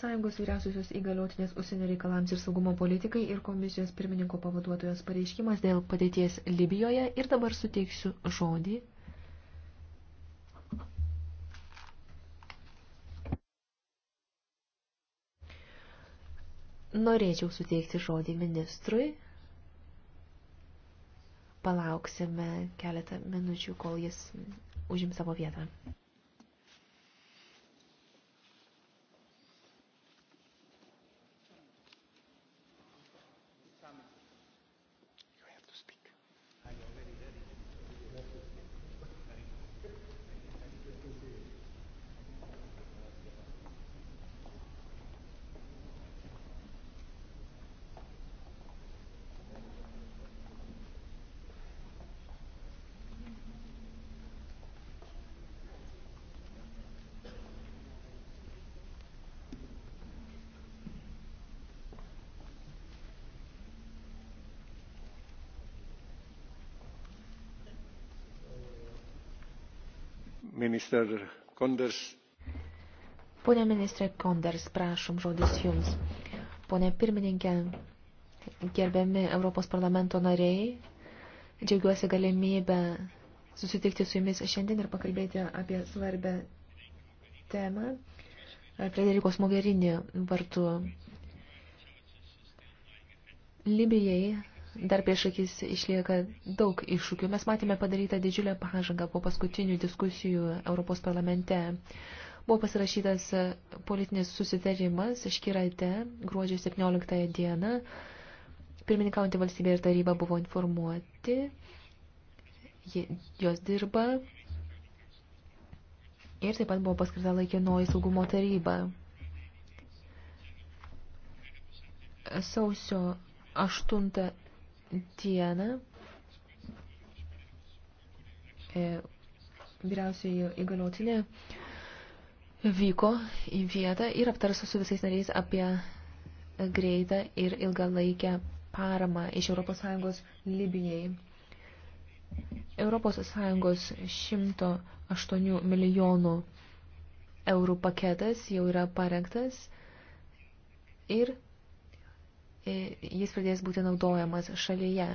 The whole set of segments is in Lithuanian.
Sąjungos vyriausiosios įgaliotinės užsienio reikalams ir saugumo politikai ir komisijos pirmininko pavaduotojos pareiškimas dėl padėties Libijoje ir dabar suteiksiu žodį. Norėčiau suteikti žodį ministrui. Palauksime keletą minučių, kol jis užims savo vietą. Minister Konders. Pone ministrė Konders, prašom žodis jums. Pone pirmininkė, gerbiami Europos parlamento nariai, džiaugiuosi galimybę susitikti su jumis šiandien ir pakalbėti apie svarbę temą. Frederikos Mogherini vartų Libijai Dar prieš akis išlieka daug iššūkių. Mes matėme padarytą didžiulę pažangą po paskutinių diskusijų Europos parlamente. Buvo pasirašytas politinis susitarimas Škirate gruodžio 17 dieną. Pirmininkaujantį valstybę ir tarybą buvo informuoti. Jos dirba. Ir taip pat buvo paskirta laikinoji saugumo taryba. Sausio 8 dieną e, vyriausioji įgaliotinė vyko į vietą ir aptarso su visais nariais apie greitą ir ilgalaikę paramą iš ES Libijai. ES 108 milijonų eurų paketas jau yra parengtas ir jis pradės būti naudojamas šalyje.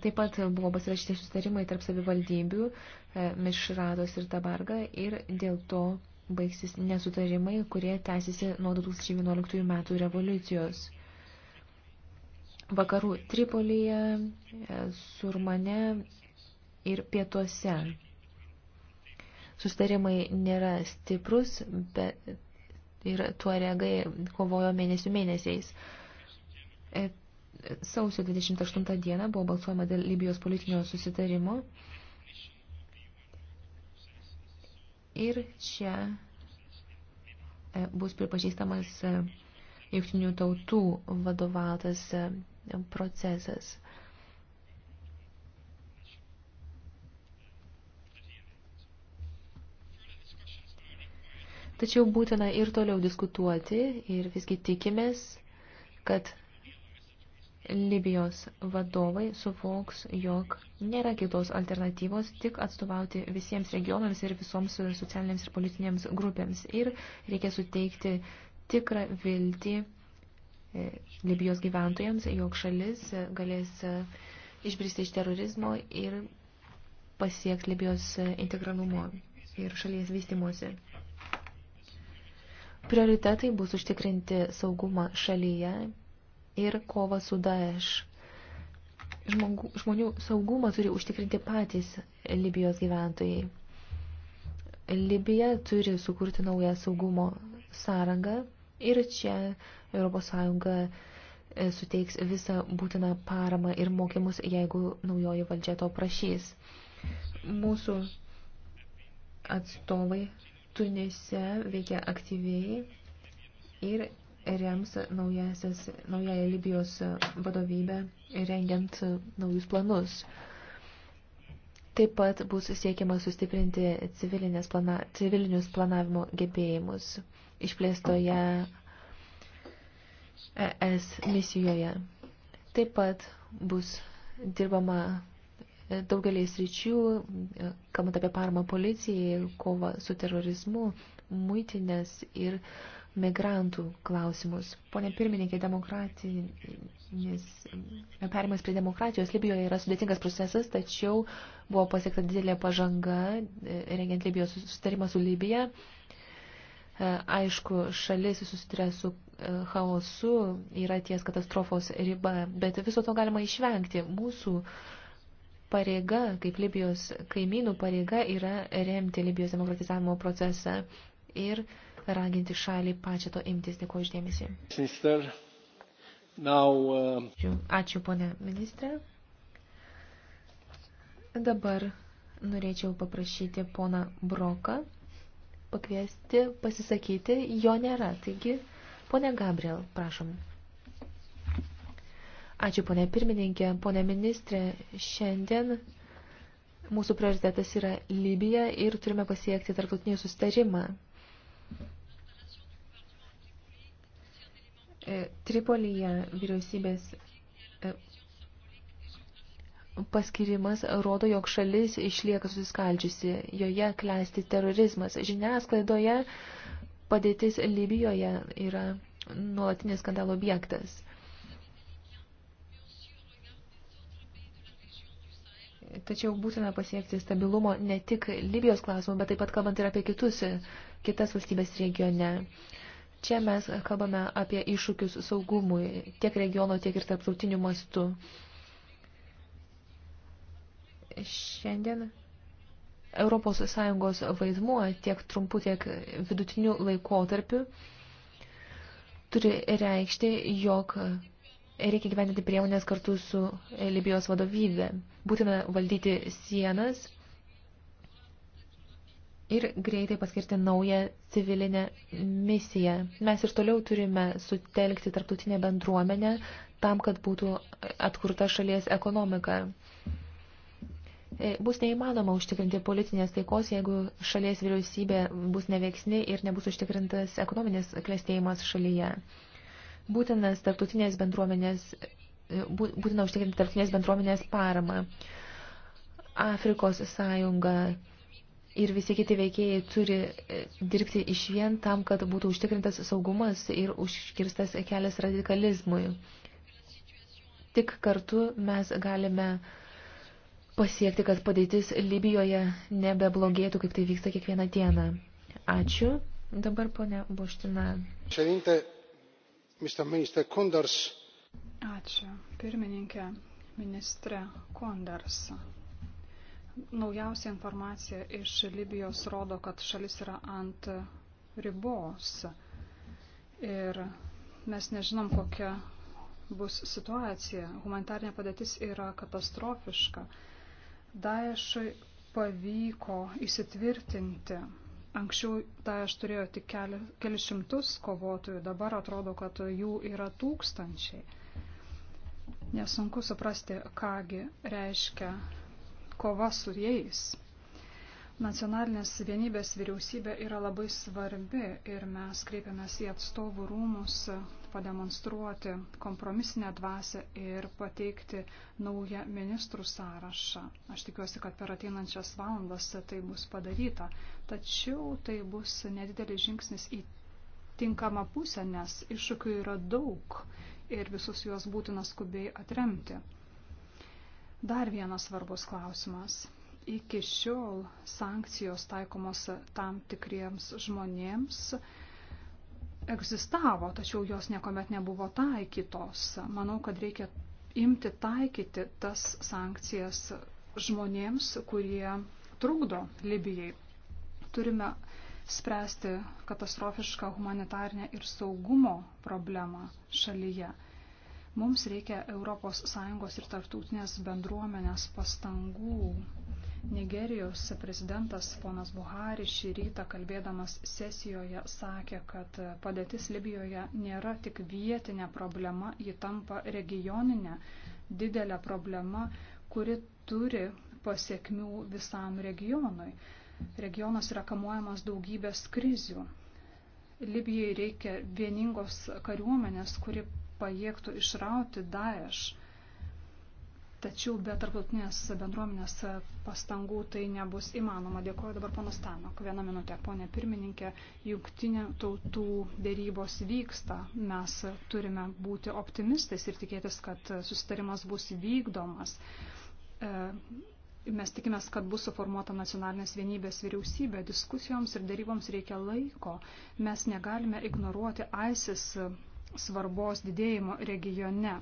Taip pat buvo pasirašyti susitarimai tarp savivaldybių e, Mišrados ir Tabarga ir dėl to baigsis nesutarimai, kurie tęsiasi nuo 2011 metų revoliucijos. Vakarų Tripolyje, e, Surmane ir Pietuose. Sustarimai nėra stiprus, bet ir tuo regai kovojo mėnesių mėnesiais. E, sausio 28 dieną buvo balsuojama dėl Libijos politinio susitarimo ir čia e, bus pripažįstamas e, jungtinių tautų vadovautas procesas. Tačiau būtina ir toliau diskutuoti ir visgi tikimės, kad Libijos vadovai suvoks, jog nėra kitos alternatyvos tik atstovauti visiems regionams ir visoms socialinėms ir politinėms grupėms. Ir reikia suteikti tikrą viltį e, Libijos gyventojams, jog šalis e, galės e, išbristi iš terorizmo ir pasiekti Libijos integralumo ir šalies vystimuose. Prioritetai bus užtikrinti saugumą šalyje ir kova su Daesh. Žmogų, žmonių saugumą turi užtikrinti patys Libijos gyventojai. Libija turi sukurti naują saugumo sąrangą ir čia ES e, suteiks visą būtiną paramą ir mokymus, jeigu naujoji valdžia to prašys. Mūsų atstovai Tunise veikia aktyviai ir rems naujasis, naująją Libijos vadovybę rengiant naujus planus. Taip pat bus siekiama sustiprinti plana, civilinius planavimo gebėjimus išplėstoje ES misijoje. Taip pat bus dirbama daugelį sričių, e, kalbant apie paramą policijai, kovą su terorizmu, muitinės ir migrantų klausimus. Pone pirmininkė, demokratinis e, perimas prie demokratijos Libijoje yra sudėtingas procesas, tačiau buvo pasiekta didelė pažanga, e, rengiant Libijos susitarimą su Libija. Aišku, šalis susituria su chaosu, yra ties katastrofos riba, bet viso to galima išvengti. Mūsų uh, pareiga, kaip Libijos kaimynų pareiga yra remti Libijos demokratizavimo procesą ir raginti šalį pačią to imtis. Dėkuoju išdėmesį. Now, uh... Ačiū, ponė ministrė. Dabar norėčiau paprašyti poną Broką pakviesti pasisakyti. Jo nėra, taigi, ponė Gabriel, prašom. Ačiū, ponė pirmininkė, ponė ministrė. Šiandien mūsų prioritetas yra Libija ir turime pasiekti tarptautinį sustarimą. E, Tripolyje vyriausybės e, paskirimas rodo, jog šalis išlieka susiskaldžiusi, joje klesti terorizmas. Žiniasklaidoje padėtis Libijoje yra nuolatinis skandalo objektas. Tačiau būtina pasiekti stabilumo ne tik Libijos klausimų, bet taip pat kalbant ir apie kitus, kitas valstybės regione. Čia mes kalbame apie iššūkius saugumui tiek regiono, tiek ir tarptautiniu mastu. Šiandien Europos Sąjungos vaidmuo tiek trumpu, tiek vidutiniu laikotarpiu turi reikšti, jog Reikia gyventi priemonės kartu su e, Libijos vadovybė. Būtina valdyti sienas ir greitai paskirti naują civilinę misiją. Mes ir toliau turime sutelkti tarptautinę bendruomenę tam, kad būtų atkurta šalies ekonomika. E, bus neįmanoma užtikrinti politinės taikos, jeigu šalies vyriausybė bus neveiksni ir nebus užtikrintas ekonominis klestėjimas šalyje būtinas tarptautinės bendruomenės, e, būtina užtikrinti tarptautinės bendruomenės paramą. Afrikos sąjunga ir visi kiti veikėjai turi e, dirbti iš vien tam, kad būtų užtikrintas saugumas ir užkirstas kelias radikalizmui. Tik kartu mes galime pasiekti, kad padėtis Libijoje nebeblogėtų, kaip tai vyksta kiekvieną dieną. Ačiū. Dabar ponia Boština. Šiandien Ačiū. Pirmininkė, ministrė Kondars. Naujausia informacija iš Libijos rodo, kad šalis yra ant ribos. Ir mes nežinom, kokia bus situacija. Humanitarnė padėtis yra katastrofiška. Daešui pavyko įsitvirtinti Anksčiau Daesh turėjo tik keli, keli šimtus kovotojų, dabar atrodo, kad jų yra tūkstančiai. Nesunku suprasti, kągi reiškia kova su jais. Nacionalinės vienybės vyriausybė yra labai svarbi ir mes kreipiamės į atstovų rūmus pademonstruoti kompromisinę dvasę ir pateikti naują ministrų sąrašą. Aš tikiuosi, kad per ateinančias valandas tai bus padaryta, tačiau tai bus nedidelis žingsnis į tinkamą pusę, nes iššūkių yra daug ir visus juos būtina skubiai atremti. Dar vienas svarbus klausimas iki šiol sankcijos taikomos tam tikriems žmonėms egzistavo, tačiau jos niekuomet nebuvo taikytos. Manau, kad reikia imti taikyti tas sankcijas žmonėms, kurie trukdo Libijai. Turime spręsti katastrofišką humanitarnę ir saugumo problemą šalyje. Mums reikia ES ir tarptautinės bendruomenės pastangų Nigerijos prezidentas ponas Buhari šį rytą kalbėdamas sesijoje sakė, kad padėtis Libijoje nėra tik vietinė problema, ji tampa regioninė, didelė problema, kuri turi pasiekmių visam regionui. Regionas yra kamuojamas daugybės krizių. Libijai reikia vieningos kariuomenės, kuri pajėgtų išrauti Daesh Tačiau be tarptautinės bendruomenės pastangų tai nebus įmanoma. Dėkuoju dabar ponas Tanok. Vieną minutę, ponė pirmininkė, jungtinė tautų dėrybos vyksta. Mes turime būti optimistais ir tikėtis, kad susitarimas bus vykdomas. E, mes tikimės, kad bus suformuota nacionalinės vienybės vyriausybė. Diskusijoms ir dėryboms reikia laiko. Mes negalime ignoruoti ISIS svarbos didėjimo regione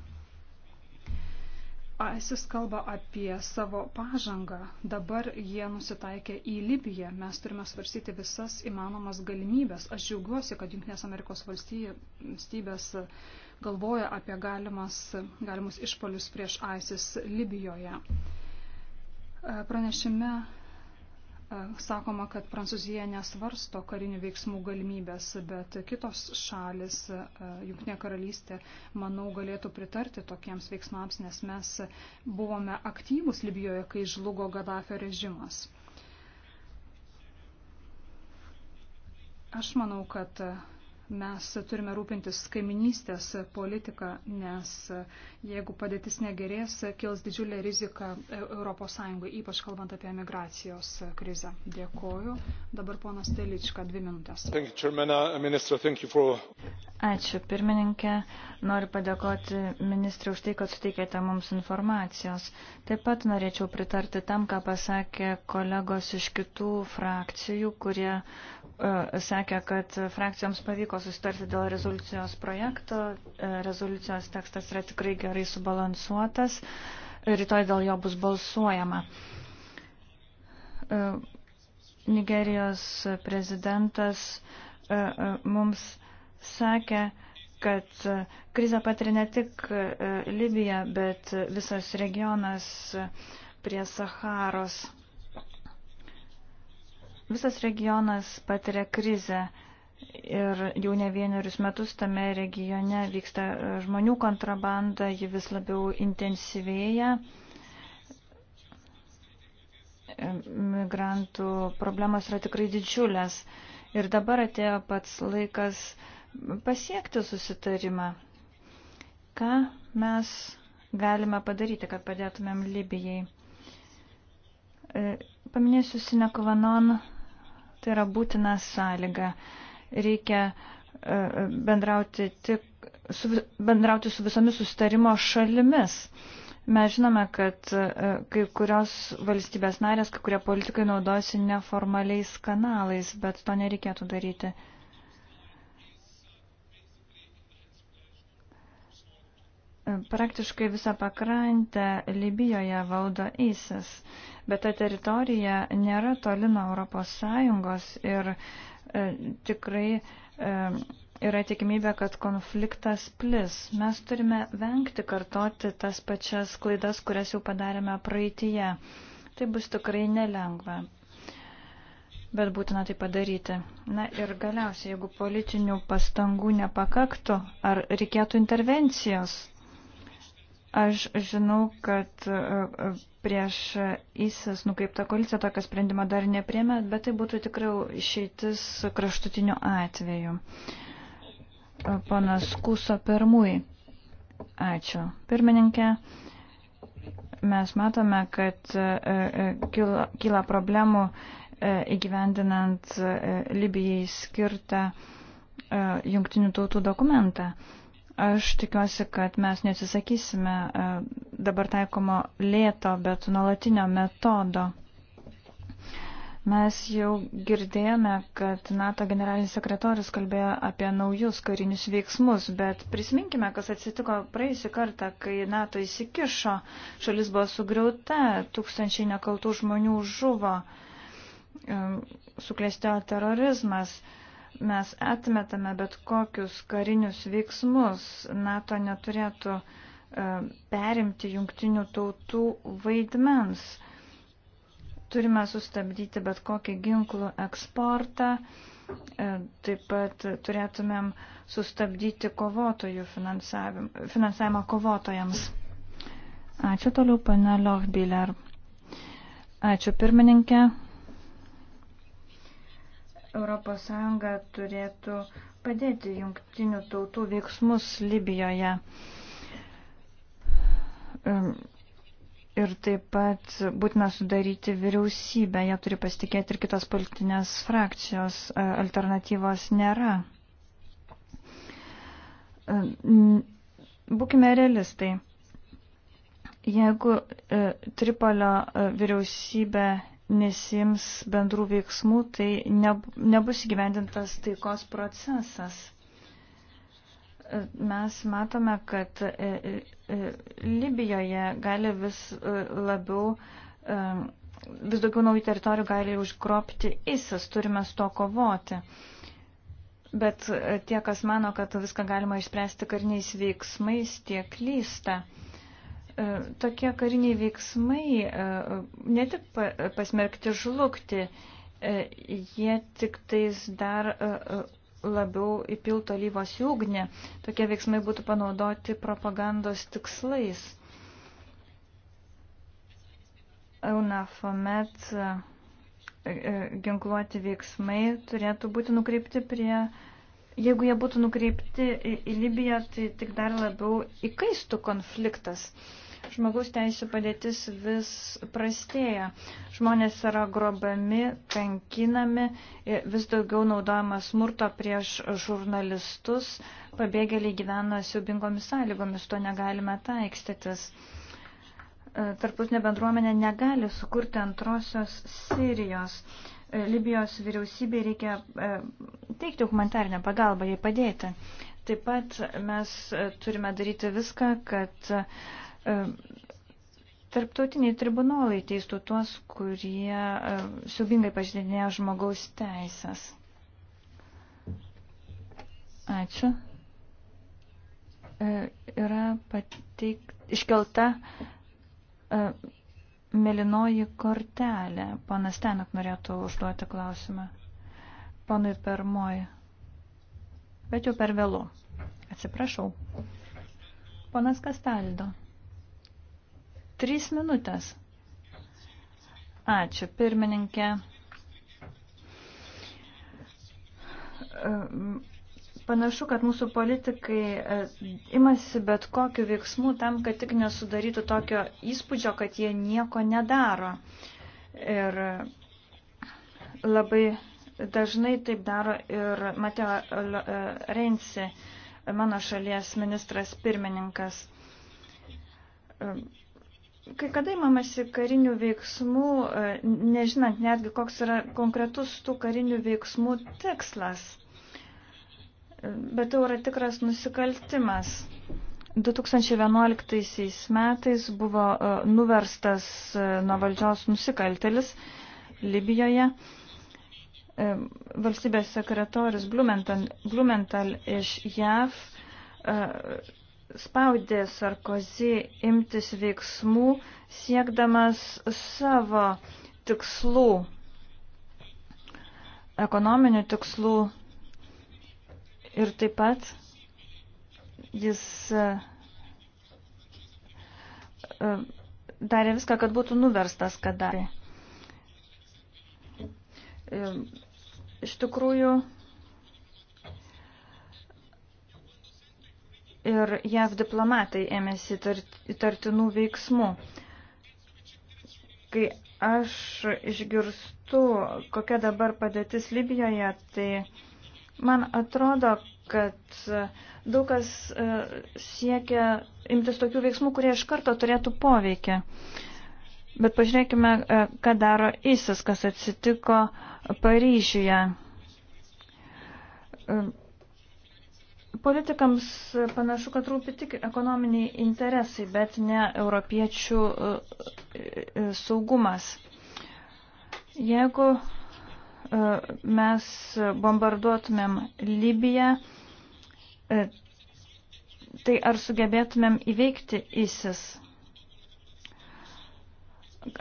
ISIS kalba apie savo pažangą. Dabar jie nusitaikė į Libiją. Mes turime svarsyti visas įmanomas galimybės. Aš džiaugiuosi, kad Junktinės Amerikos valstybės galvoja apie galimas, galimus išpolius prieš ISIS Libijoje. Pranešime E, sakoma, kad Prancūzija nesvarsto karinių veiksmų galimybės, bet kitos šalis, e, Junktinė karalystė, manau, galėtų pritarti tokiems veiksmams, nes mes buvome aktyvus Libijoje, kai žlugo Gaddafio režimas. Aš manau, kad mes turime rūpintis kaiminystės politiką, nes jeigu padėtis negerės, kils didžiulė rizika ES, ypač kalbant apie migracijos krizę. Dėkoju. Dabar ponas Telička, dvi minutės. Uh, Ačiū, pirmininkė. Noriu padėkoti ministrė už tai, kad suteikėte mums informacijos. Taip pat norėčiau pritarti tam, ką pasakė kolegos iš kitų frakcijų, kurie E, sakė, kad frakcijoms pavyko susitarti dėl rezoliucijos projekto. E, rezoliucijos tekstas yra tikrai gerai subalansuotas. Rytoj dėl jo bus balsuojama. E, Nigerijos prezidentas mums sakė, kad krizę patiria ne tik Libija, bet visas regionas prie Saharos. Visas regionas patiria krizę ir jau ne vienerius metus tame regione vyksta e, žmonių kontrabanda, ji vis labiau intensyvėja. E, migrantų problemos yra tikrai didžiulės ir dabar atėjo pats laikas pasiekti susitarimą. Ką mes galime padaryti, kad padėtumėm Libijai? E, paminėsiu Sinekovanon Tai yra būtina sąlyga. Reikia e, bendrauti, tik, su, bendrauti su visomis sustarimo šalimis. Mes žinome, kad e, kai kurios valstybės narės, kai kurie politikai naudojasi neformaliais kanalais, bet to nereikėtų daryti. Praktiškai visą pakrantę Libijoje valdo ISIS, bet ta teritorija nėra toli nuo Europos Sąjungos ir e, tikrai e, yra tikimybė, kad konfliktas plis. Mes turime vengti kartoti tas pačias klaidas, kurias jau padarėme praeitie. Tai bus tikrai nelengva. Bet būtina tai padaryti. Na ir galiausiai, jeigu politinių pastangų nepakaktų, ar reikėtų intervencijos Aš žinau, kad e, e, prieš įsis nukreipta koalicija tokio sprendimo dar nepriemė, bet tai būtų tikriau išeitis kraštutiniu atveju. E, ponas Kuso pirmui. Ačiū. Pirmininkė, mes matome, kad kyla, kyla problemų įgyvendinant Libijai skirtą jungtinių tautų dokumentą. Aš tikiuosi, kad mes neatsisakysime e, dabar taikomo lėto, bet nuolatinio metodo. Mes jau girdėjome, kad NATO generalinis sekretorius kalbėjo apie naujus karinius veiksmus, bet prisiminkime, kas atsitiko praėjusį kartą, kai NATO įsikišo, šalis buvo sugriauta, tūkstančiai nekaltų žmonių žuvo, e, suklestėjo terorizmas mes atmetame bet kokius karinius veiksmus. NATO neturėtų e, perimti jungtinių tautų vaidmens. Turime sustabdyti bet kokį ginklų eksportą, e, taip pat turėtumėm sustabdyti kovotojų finansavimą kovotojams. Ačiū toliau, pane Lochbiller. Ačiū pirmininkė. ES turėtų padėti jungtinių tautų veiksmus Libijoje. Ir taip pat būtina sudaryti vyriausybę, jie turi pasitikėti ir kitos politinės frakcijos, e, alternatyvos nėra. Būkime realistai. Jeigu e, Tripolio e, vyriausybė nesims bendrų veiksmų, tai ne, nebus įgyvendintas taikos procesas. Mes matome, kad e, e, e, Libijoje gali vis labiau, vis daugiau naujų teritorijų gali užgropti ISIS, turime su to kovoti. Bet tie, kas mano, kad viską galima išspręsti kariniais veiksmais, tie klysta. E, tokie kariniai veiksmai e, ne tik pasmerkti žlugti, e, jie tik tais dar labiau įpilto lyvos į ugnį. Tokie veiksmai būtų panaudoti propagandos tikslais. Eunafomet ginkluoti veiksmai turėtų būti nukreipti prie, jeigu jie būtų nukreipti į, į Libiją, tai tik dar labiau įkaistų konfliktas. Uh, Žmogaus teisų padėtis vis prastėja. Žmonės yra grobami, kankinami, vis daugiau naudojama smurto prieš žurnalistus, pabėgėliai gyvena siubingomis sąlygomis, to negalime taikstytis. E, tarptautinė bendruomenė negali sukurti antrosios Sirijos. E, Libijos vyriausybei reikia e, teikti humanitarinę pagalbą, jai padėti. Taip pat mes turime daryti viską, kad E, tarptautiniai tribunolai teistų tuos, kurie e, siubingai pažydinėjo žmogaus teisės. Ačiū. E, yra pateik... iškelta melinoji kortelė. Panas Tenok norėtų užduoti klausimą. Panui Permoj. Bet jau per vėlu. Atsiprašau. Ponas Kastaldo. Trys minutės. Ačiū, pirmininkė. Panašu, kad mūsų politikai e, imasi bet kokiu veiksmu tam, kad tik nesudarytų tokio įspūdžio, kad jie nieko nedaro. Ir labai dažnai taip daro ir Mateo e, Reinsi, mano šalies ministras pirmininkas. E, Kai kada įmamasi karinių veiksmų, e, nežinant netgi, koks yra konkretus tų karinių veiksmų tikslas. E, bet tai yra tikras nusikaltimas. 2011 metais buvo e, nuverstas nuo valdžios nusikaltelis Libijoje. Valstybės sekretorius Blumenthal, Blumenthal iš JAV spaudė Sarkozy imtis veiksmų, siekdamas savo tikslų, ekonominių tikslų ir taip pat jis e, e, darė viską, kad būtų nuverstas, kad darė. E, iš tikrųjų, ir JAV diplomatai ėmėsi įtartinų veiksmų. Kai aš išgirstu, kokia dabar padėtis Libijoje, tai man atrodo, kad daug kas e, siekia imtis tokių veiksmų, kurie iš karto turėtų poveikį. Bet pažiūrėkime, e, ką daro ISIS, kas atsitiko Paryžiuje e, Politikams panašu, kad rūpi tik ekonominiai interesai, bet ne europiečių e, e, saugumas. Jeigu e, mes bombarduotumėm Libiją, tai ar sugebėtumėm įveikti ISIS?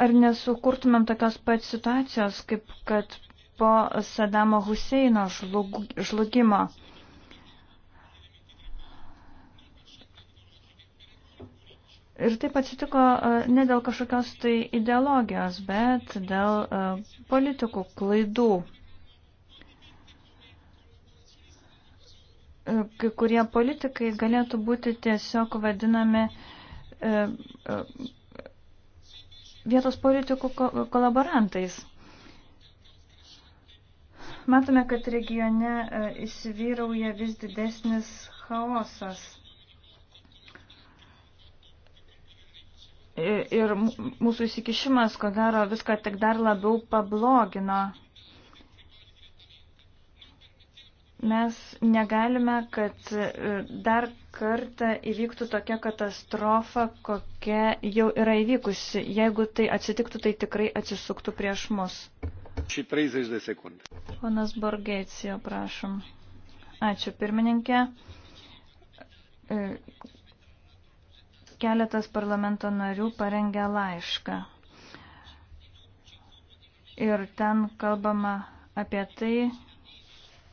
Ar nesukurtumėm tokios pat situacijos, kaip kad po Sadamo Huseino žlugimo? Ir taip atsitiko e, ne dėl kažkokios tai ideologijos, bet dėl e, politikų klaidų. E, kai kurie politikai galėtų būti tiesiog vadinami vietos politikų kolaborantais. Matome, kad regione įsivyrauja vis didesnis chaosas ir mūsų įsikišimas, ko gero, viską tik dar labiau pablogino. Mes negalime, kad e, dar kartą įvyktų tokia katastrofa, kokia jau yra įvykusi. Jeigu tai atsitiktų, tai tikrai atsisuktų prieš mus. Ponas Borgėcijo, prašom. Ačiū pirmininkė e, keletas parlamento narių parengė laišką. Ir ten kalbama apie tai,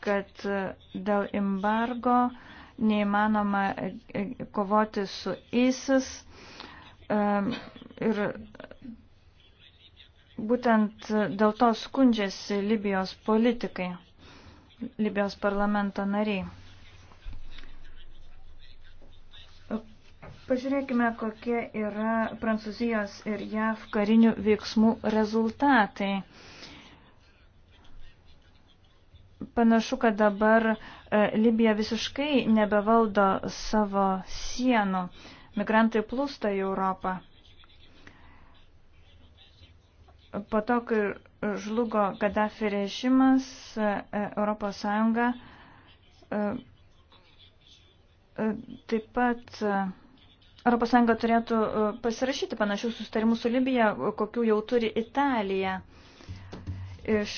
kad dėl embargo neįmanoma e, e, kovoti su ISIS ir būtent dėl to skundžiasi Libijos politikai, Libijos parlamento nariai. Pažiūrėkime, kokie yra Prancūzijos ir JAV karinių veiksmų rezultatai. Panašu, kad dabar e, Libija visiškai nebevaldo savo sienų. Migrantai plūsta į Europą. Po to, kai žlugo Gaddafi režimas, ES e, e, taip pat ES turėtų e, pasirašyti panašių sustarimų su Libija, kokių jau turi Italija. Iš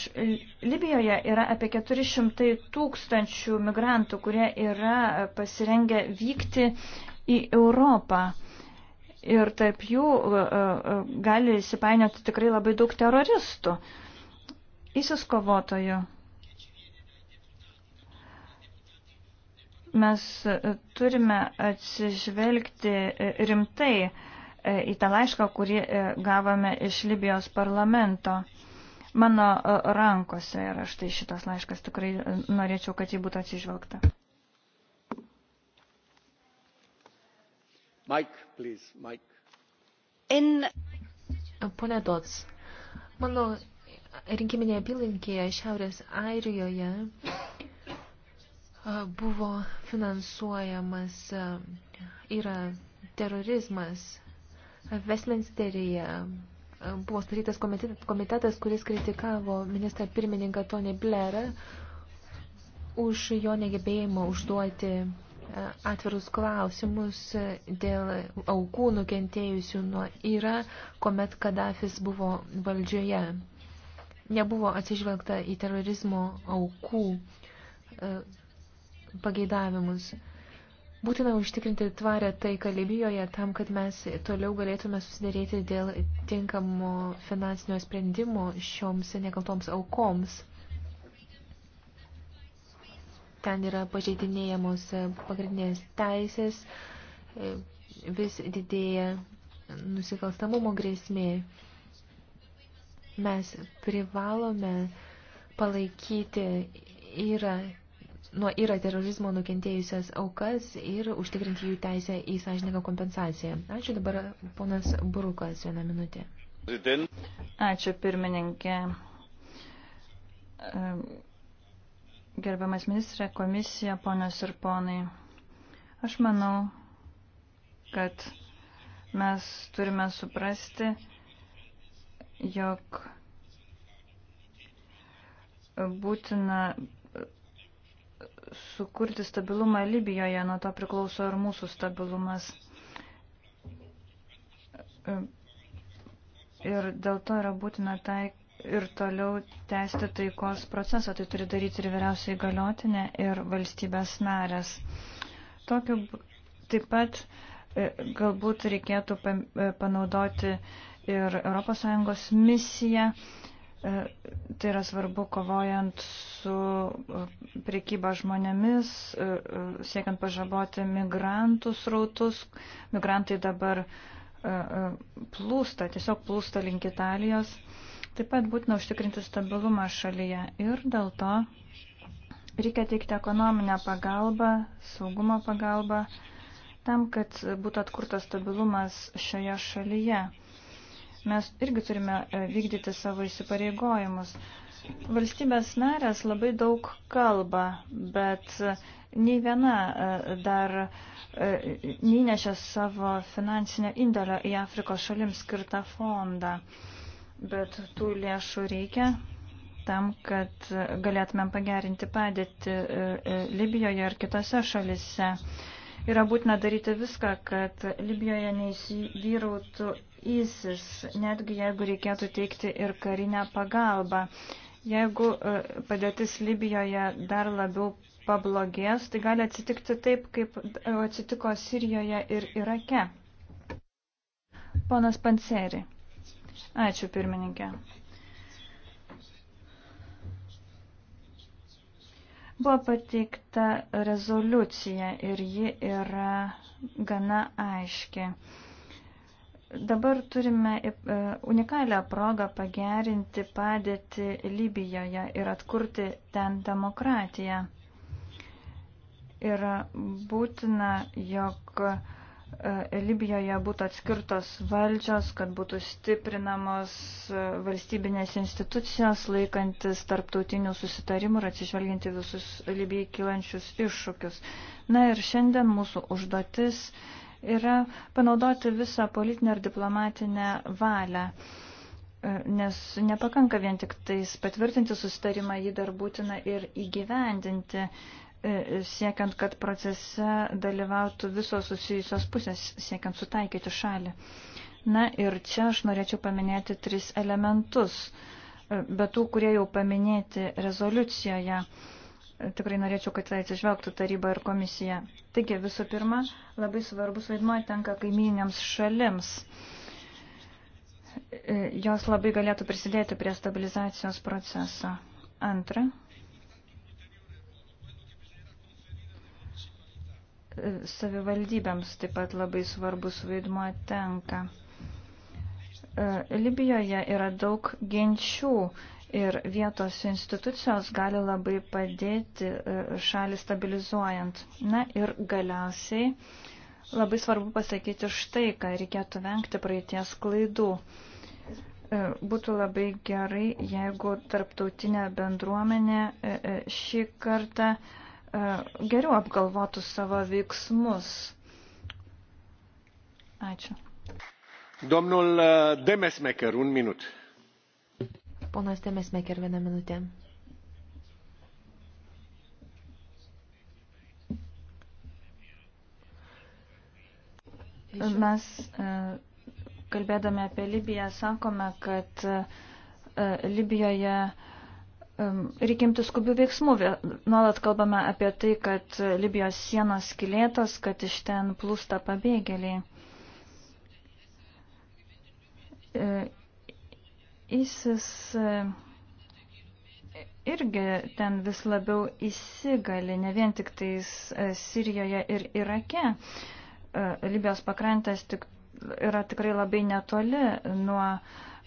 Libijoje yra apie 400 tūkstančių migrantų, kurie yra pasirengę vykti į Europą. Ir tarp jų e, e, gali įsipainioti tikrai labai daug teroristų, įsiskovotojų. mes e, turime atsižvelgti e, rimtai e, į tą laišką, kurį gavome iš Libijos parlamento. Mano rankose yra štai šitas laiškas, tikrai norėčiau, kad jį būtų atsižvelgta. Mike, please, Mike. In... Pone Dots, mano rinkiminėje apylinkėje Šiaurės Airijoje buvo finansuojamas yra terorizmas. Westminsteryje buvo statytas komitetas, kuris kritikavo ministrą pirmininką Tony Blairą už jo negebėjimą užduoti atvirus klausimus dėl aukų nukentėjusių nuo yra, kuomet Kadafis buvo valdžioje. Nebuvo atsižvelgta į terorizmo aukų pageidavimus. Būtina užtikrinti tvarę taiką Libijoje tam, kad mes toliau galėtume susidaryti dėl tinkamo finansinio sprendimo šioms nekaltoms aukoms. Ten yra pažeidinėjamos pagrindinės teisės, vis didėja nusikalstamumo grėsmė. Mes privalome palaikyti yra nuo yra terorizmo nukentėjusias aukas ir užtikrinti jų teisę į sąžininką kompensaciją. Ačiū dabar ponas Burukas vieną minutę. Ačiū pirmininkė. Gerbiamas ministrė, komisija, ponios ir ponai. Aš manau, kad mes turime suprasti, jog būtina sukurti stabilumą Libijoje, nuo to priklauso ir mūsų stabilumas. Ir dėl to yra būtina taikyti ir toliau tęsti taikos procesą. Tai turi daryti ir vyriausiai galiotinė, ir valstybės narės. Tokiu taip pat e, galbūt reikėtų e, panaudoti ir ES misiją E, tai yra svarbu kovojant su e, priekyba žmonėmis, e, siekiant pažaboti migrantų srautus. Migrantai dabar plūsta, tiesiog plūsta link Italijos. Taip pat būtina užtikrinti stabilumą šalyje ir dėl to reikia teikti ekonominę pagalbą, saugumo pagalbą, tam, kad būtų atkurtas stabilumas šioje šalyje mes irgi turime e, vykdyti savo įsipareigojimus. Valstybės narės labai daug kalba, bet e, nei viena e, dar neįnešė savo finansinio indėlio į Afrikos šalims skirtą fondą. Bet tų lėšų reikia tam, kad galėtumėm pagerinti padėtį Libijoje ir kitose šalise yra būtina daryti viską, kad Libijoje neįsivyrautų ISIS, netgi jeigu reikėtų teikti ir karinę pagalbą. Jeigu e, padėtis Libijoje dar labiau pablogės, tai gali atsitikti taip, kaip e, atsitiko Sirijoje ir Irake. Ponas Panseri. Ačiū, pirmininkė. Buvo pateikta rezoliucija ir ji yra gana aiški. Dabar turime e, unikalią progą pagerinti padėtį Libijoje ir atkurti ten demokratiją. Yra būtina, jog e, Libijoje būtų atskirtos valdžios, kad būtų stiprinamos e, valstybinės institucijos, laikantis tarptautinių susitarimų ir atsižvelginti visus Libijai kilančius iššūkius. Na ir šiandien mūsų užduotis yra panaudoti visą politinę ir diplomatinę valią. E, nes nepakanka vien tik tais patvirtinti sustarimą, jį dar būtina ir įgyvendinti, e, siekiant, kad procese dalyvautų visos susijusios pusės, siekiant sutaikyti šalį. Na ir čia aš norėčiau paminėti tris elementus, e, bet tų, kurie jau paminėti rezoliucijoje tikrai norėčiau, kad tai atsižvelgtų taryba ir komisija. Taigi, visų pirma, labai svarbus vaidmuo tenka kaiminėms šalims. Jos labai galėtų prisidėti prie stabilizacijos proceso. Antra. Savivaldybėms taip pat labai svarbus vaidmuo tenka. Libijoje yra daug genčių ir vietos institucijos gali labai padėti e, šalį stabilizuojant. Na ir galiausiai labai svarbu pasakyti štai, ką reikėtų vengti praeities klaidų. E, būtų labai gerai, jeigu tarptautinė bendruomenė e, šį kartą geriau apgalvotų savo veiksmus. Ačiū. Domnul Demesmeker, un minut Ponas Temesmeker, vieną minutę. Mes e, kalbėdami apie Libiją sakome, kad e, Libijoje e, reikia imti skubių veiksmų. Nuolat kalbame apie tai, kad Libijos sienos skilėtos, kad iš ten plūsta pabėgėliai. ISIS e, irgi ten vis labiau įsigali, ne vien tik tais e, Sirijoje ir Irake. E, Libijos pakrantės tik, yra tikrai labai netoli nuo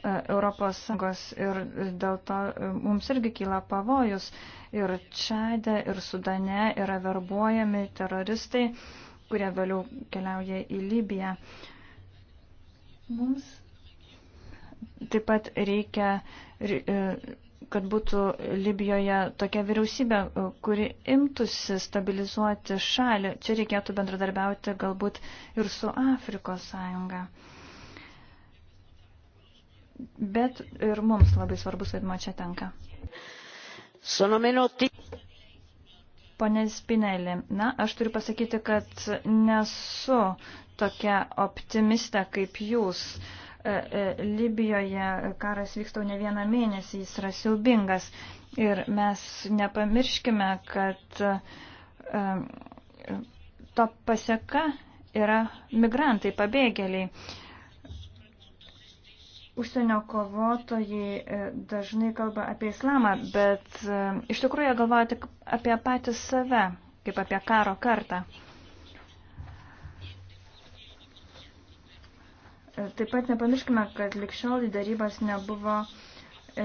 Europos Sąjungos ir dėl to mums irgi kyla pavojus. Ir Čade, ir Sudane yra verbuojami teroristai, kurie vėliau keliauja į Libiją. Mums Taip pat reikia, e, kad būtų Libijoje tokia vyriausybė, e, kuri imtųsi stabilizuoti šalį. Čia reikėtų bendradarbiauti galbūt ir su Afrikos sąjunga. Bet ir mums labai svarbus vaidmo čia tenka. Pone Spinelį, na, aš turiu pasakyti, kad nesu tokia optimistė kaip jūs. Uh, E, e, Libijoje karas vyksta ne vieną mėnesį, jis yra siaubingas. Ir mes nepamirškime, kad e, to pasieka yra migrantai, pabėgėliai. Užsienio kovotojai dažnai kalba apie islamą, bet iš tikrųjų jie galvoja tik apie patį save, kaip apie karo kartą. Taip pat nepamirškime, kad likščiol į darybas nebuvo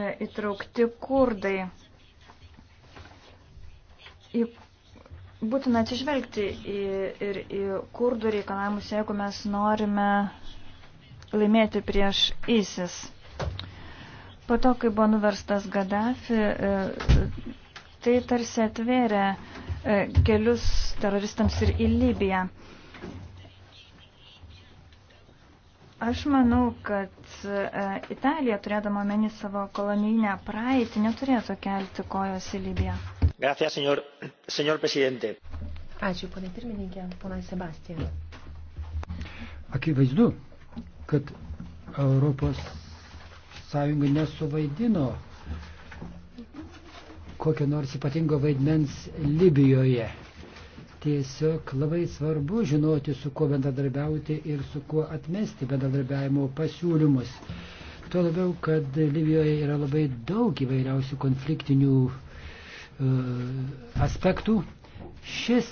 e, įtraukti kurdai. Į būtina atsižvelgti į, ir į kurdų reikalavimus, jeigu mes norime laimėti prieš ISIS. Po to, kai buvo nuverstas Gaddafi, e, tai tarsi atvėrė e, kelius teroristams ir į Libiją. Aš manau, kad e, Italija, turėdama meni savo kolonijinę praeitį, neturėtų kelti kojos į Libiją. Gracias, señor, señor presidente. Ačiū, ponai pirmininkė, ponai Sebastija. Akivaizdu, kad Europos Sąjunga nesuvaidino kokio nors ypatingo vaidmens Libijoje. Tiesiog labai svarbu žinoti, su kuo bendradarbiauti ir su kuo atmesti bendradarbiavimo pasiūlymus. Tuo labiau, kad Libijoje yra labai daug įvairiausių konfliktinių e, aspektų. Šis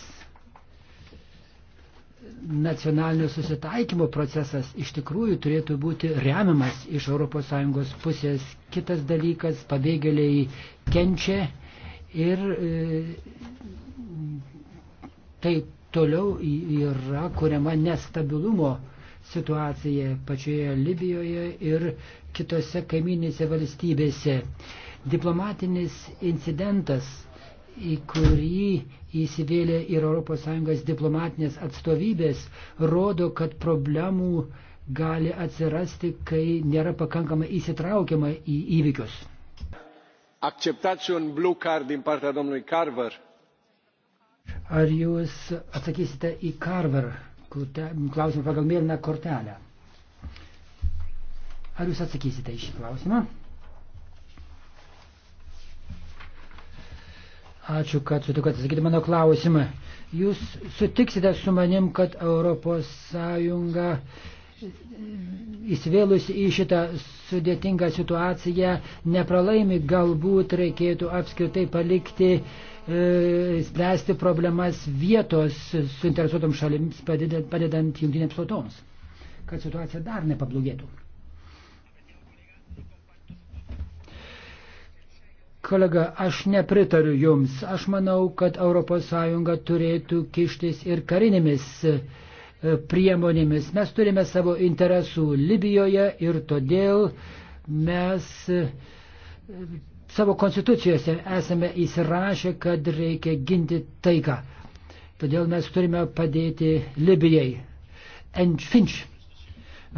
nacionalinio susitaikymo procesas iš tikrųjų turėtų būti remiamas iš ES pusės. Kitas dalykas, pabėgėliai kenčia ir e, Taip toliau yra kuriama nestabilumo situacija pačioje Libijoje ir kitose kaiminėse valstybėse. Diplomatinis incidentas, į kurį įsivėlė ir ES diplomatinės atstovybės, rodo, kad problemų gali atsirasti, kai nėra pakankamai įsitraukiama į įvykius. Acceptați un blue card din partea domnului Carver. Ar jūs atsakysite į Carver klausimą pagal mėlyną kortelę? Ar jūs atsakysite į šį klausimą? Ačiū, kad sutikote atsakyti mano klausimą. Jūs sutiksite su manim, kad Europos Sąjunga įsivėlusi į šitą sudėtingą situaciją nepralaimi, galbūt reikėtų apskritai palikti uh, E, spręsti problemas vietos suinteresuotoms šalims, padedant jungtinėms tautoms, kad situacija dar nepablogėtų. Kolega, aš nepritariu Jums. Aš manau, kad ES turėtų kištis ir karinėmis e, priemonėmis. Mes turime savo interesų Libijoje ir todėl mes e, savo konstitucijose esame įsirašę, kad reikia ginti taiką. Todėl mes turime padėti Libijai. Enfinch.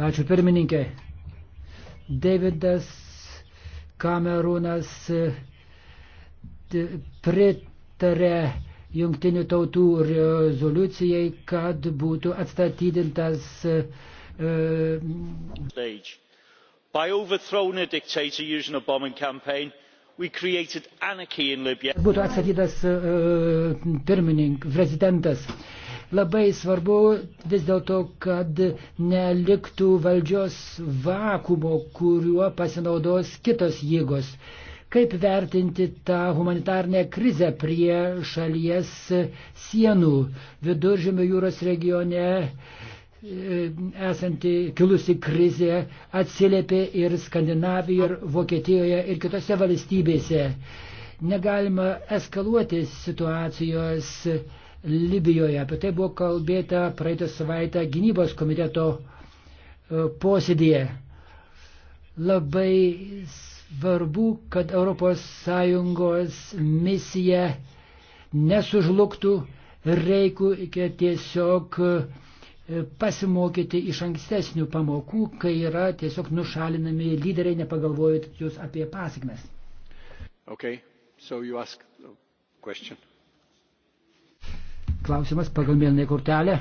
Ačiū pirmininkė. Davidas Kamerūnas e, pritarė jungtinių tautų rezoliucijai, kad būtų atstatydintas. Uh, By overthrowing a dictator using a bombing campaign, Būtų atsakytas e, e, pirmininkas, prezidentas. Labai svarbu vis dėlto, kad neliktų valdžios vakumo, kuriuo pasinaudos kitos jėgos. Kaip vertinti tą humanitarnę krizę prie šalies sienų viduržėmio jūros regione? esanti kilusi krizė atsiliepė ir Skandinavijoje, ir Vokietijoje, ir kitose valstybėse. Negalima eskaluoti situacijos Libijoje. Apie tai buvo kalbėta praeitą savaitę gynybos komiteto e, posėdėje. Labai svarbu, kad ES misija nesužlugtų, reikia tiesiog uh, E, pasimokyti iš ankstesnių pamokų, kai yra tiesiog nušalinami lyderiai, nepagalvojot jūs apie pasikmes. Okay. So Klausimas pagal mėlynai kortelę.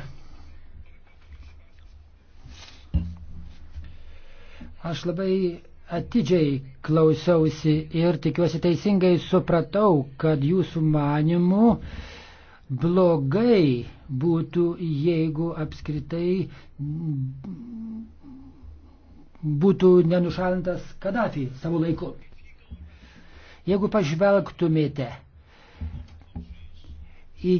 Aš labai atidžiai klausiausi ir tikiuosi teisingai supratau, kad jūsų manimu uh, blogai būtų, jeigu apskritai būtų nenušalintas Kadafi savo laiku. Jeigu pažvelgtumėte į,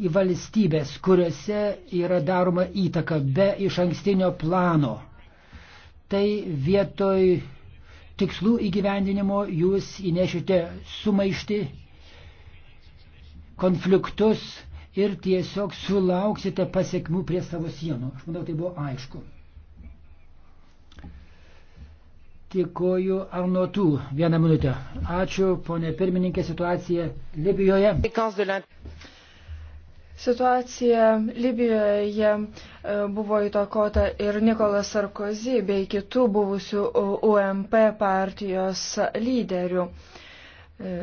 į valstybės, kuriuose yra daroma įtaka be iš ankstinio plano, tai vietoj tikslų įgyvendinimo jūs įnešite sumaišti konfliktus ir tiesiog sulauksite pasiekmių prie savo sienų. Aš manau, tai buvo aišku. Tikoju Arnotų. Vieną minutę. Ačiū, ponė pirmininkė, situacija Libijoje. Situacija Libijoje e, buvo įtakota ir Nikolas Sarkozy bei kitų buvusių UMP partijos lyderių. E,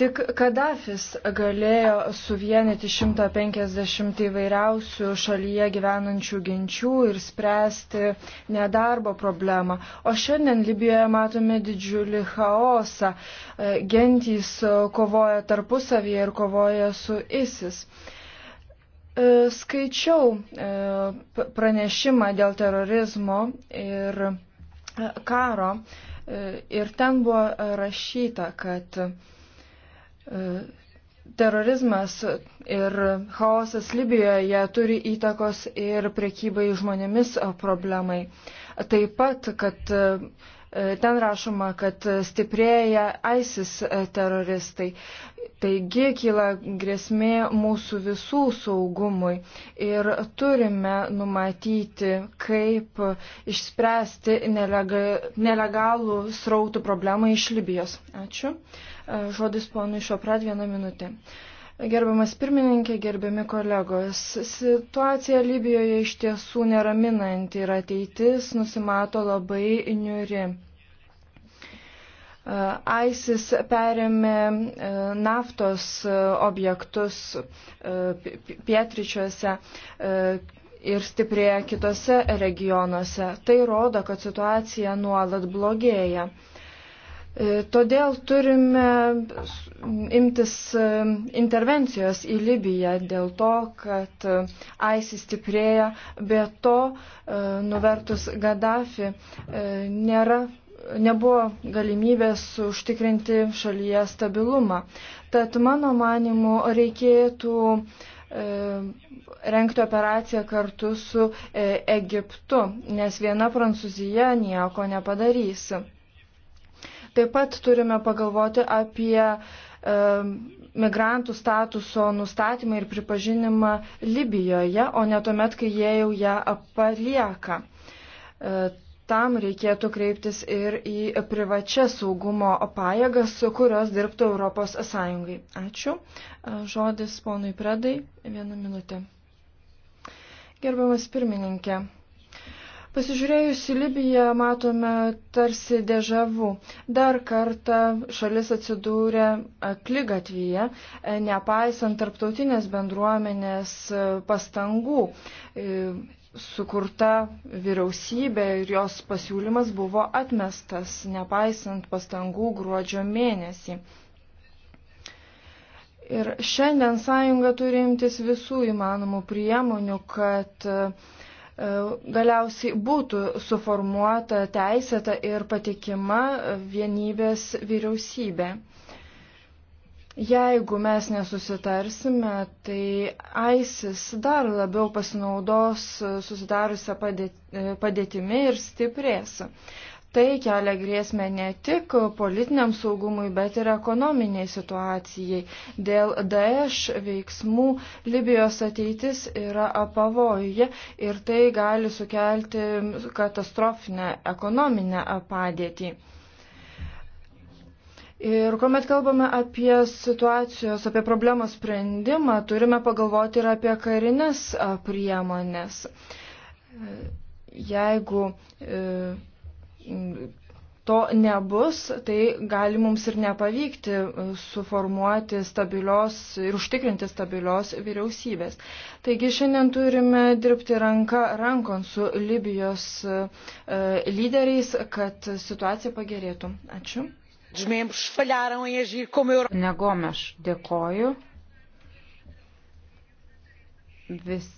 Tik Kadafis galėjo suvienyti 150 įvairiausių šalyje gyvenančių genčių ir spręsti nedarbo problemą. O šiandien Libijoje matome didžiulį chaosą. E, gentys kovoja tarpusavyje ir kovoja su ISIS. E, skaičiau e, pranešimą dėl terorizmo ir karo ir ten buvo rašyta, kad Terorizmas ir chaosas Libijoje turi įtakos ir priekybai žmonėmis problemai. Taip pat, kad e, ten rašoma, kad stiprėja ISIS teroristai. Taigi kyla grėsmė mūsų visų saugumui ir turime numatyti, kaip išspręsti nelegalų srautų problemą iš Libijos. Ačiū. Žodis ponui Šoprat vieną minutę. Gerbiamas pirmininkė, gerbiami kolegos, situacija Libijoje iš tiesų neraminanti ir ateitis nusimato labai niuri. ISIS perėmė e, naftos e, objektus e, pietričiuose ir stiprėja kitose regionuose. Tai rodo, kad situacija nuolat blogėja. E, todėl turime imtis e, intervencijos į Libiją dėl to, kad e, ISIS stiprėja, be to nuvertus Gaddafi nėra, nebuvo galimybės užtikrinti šalyje stabilumą. Tad mano manimu reikėtų rengti operaciją kartu su Egiptu, nes viena Prancūzija nieko nepadarysi. Taip pat turime pagalvoti apie e, migrantų statuso nustatymą ir pripažinimą Libijoje, o ne tuomet, kai jie jau ją palieka. E, tam reikėtų kreiptis ir į privačias saugumo pajėgas, kurios dirbtų Europos Sąjungai. Ačiū. E, žodis ponui Predai. Vieną minutę. Gerbiamas pirmininkė. Pasižiūrėjus į Libiją matome tarsi dėžavų. Dar kartą šalis atsidūrė aklygatvyje, e, nepaisant tarptautinės bendruomenės e, pastangų. E, sukurta vyriausybė ir jos pasiūlymas buvo atmestas, nepaisant pastangų gruodžio mėnesį. Ir šiandien sąjunga turi imtis visų įmanomų priemonių, kad uh, galiausiai būtų suformuota teisėta ir patikima vienybės vyriausybė. Jeigu mes nesusitarsime, tai ISIS dar labiau pasinaudos susidariusią padėtimi ir stiprės tai kelia grėsmę ne tik politiniam saugumui, bet ir ekonominiai situacijai. Dėl Daesh veiksmų Libijos ateitis yra apavojuje ir tai gali sukelti katastrofinę ekonominę padėtį. Ir kuomet kalbame apie situacijos, apie problemos sprendimą, turime pagalvoti ir apie karinės priemonės. Jeigu e, to nebus, tai gali mums ir nepavykti e, suformuoti stabilios ir užtikrinti stabilios vyriausybės. Taigi šiandien turime dirbti ranka rankon su Libijos e, lyderiais, kad situacija pagerėtų. Ačiū. Negomeš, dėkoju. Vis,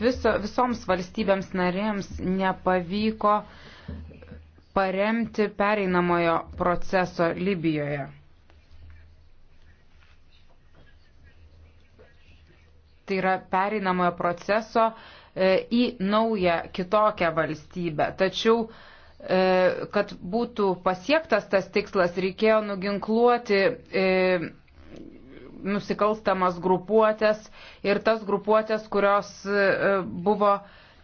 viso, visoms valstybėms narėms nepavyko paremti pereinamojo proceso Libijoje. Tai yra pereinamojo proceso e, į naują kitokią valstybę. Tačiau e, kad būtų pasiektas tas tikslas, reikėjo nuginkluoti e, nusikalstamas grupuotės ir tas grupuotės, kurios buvo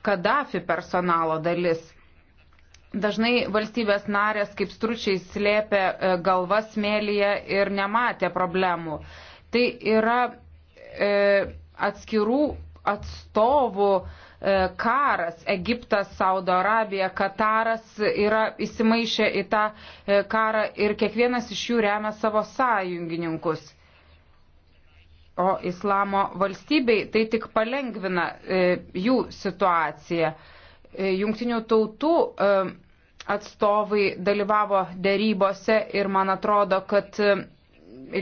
Kadafi personalo dalis. Dažnai valstybės narės kaip stručiai slėpia e, galvas mėlyje ir nematė problemų. Tai yra e, atskirų atstovų e, karas, Egiptas, Saudo Arabija, Kataras yra įsimaišę į tą e, karą ir kiekvienas iš jų remia savo sąjungininkus. O islamo valstybei tai tik palengvina e, jų situaciją. E, E, jungtinių tautų e, atstovai dalyvavo dėrybose ir man atrodo, kad e,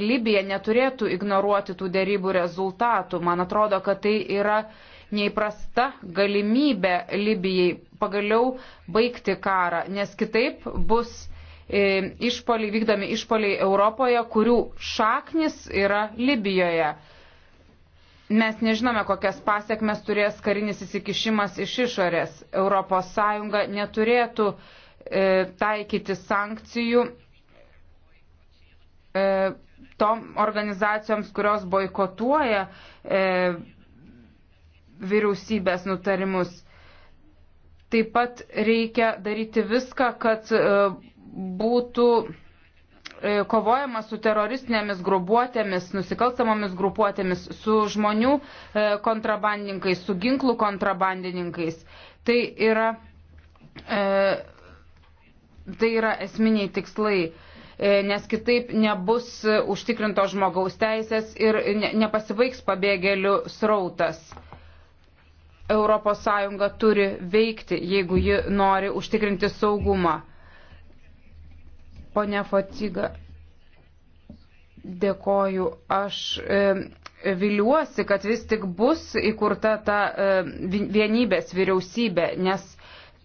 Libija neturėtų ignoruoti tų dėrybų rezultatų. Man atrodo, kad tai yra neįprasta galimybė Libijai pagaliau baigti karą, nes kitaip bus išpoliai, vykdomi išpoliai Europoje, kurių šaknis yra Libijoje. Mes nežinome, kokias pasiekmes turės karinis įsikišimas iš išorės. ES neturėtų e, taikyti sankcijų e, tom organizacijoms, kurios boikotuoja e, vyriausybės nutarimus. Taip pat reikia daryti viską, kad e, būtų E, kovojama su teroristinėmis grupuotėmis, nusikalstamomis grupuotėmis, su žmonių e, kontrabandininkais, su ginklų kontrabandininkais. Tai yra, e, tai yra esminiai tikslai e, nes kitaip nebus užtikrinto žmogaus teisės ir nepasibaigs pabėgėlių srautas. ES turi veikti, jeigu ji nori užtikrinti saugumą. Pone Fotiga, dėkoju. Aš e, viliuosi, kad vis tik bus įkurta ta e, vienybės vyriausybė, nes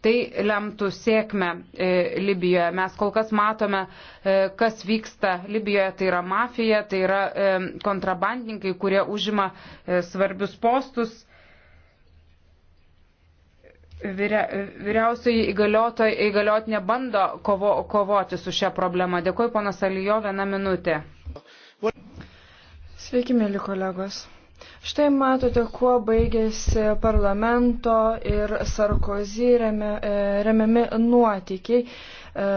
tai lemtų sėkmę e, Libijoje. Mes kol kas matome, e, kas vyksta Libijoje. Tai yra mafija, tai yra e, kontrabandininkai, kurie užima e, svarbius postus. Vyriausiai įgaliotinė bando kovo, kovoti su šią problemą. Dėkuoju, ponas Alijo, vieną minutę. Sveiki, mėly kolegos. Štai matote, kuo baigėsi parlamento ir Sarkozy e, remiami nuotykiai. E,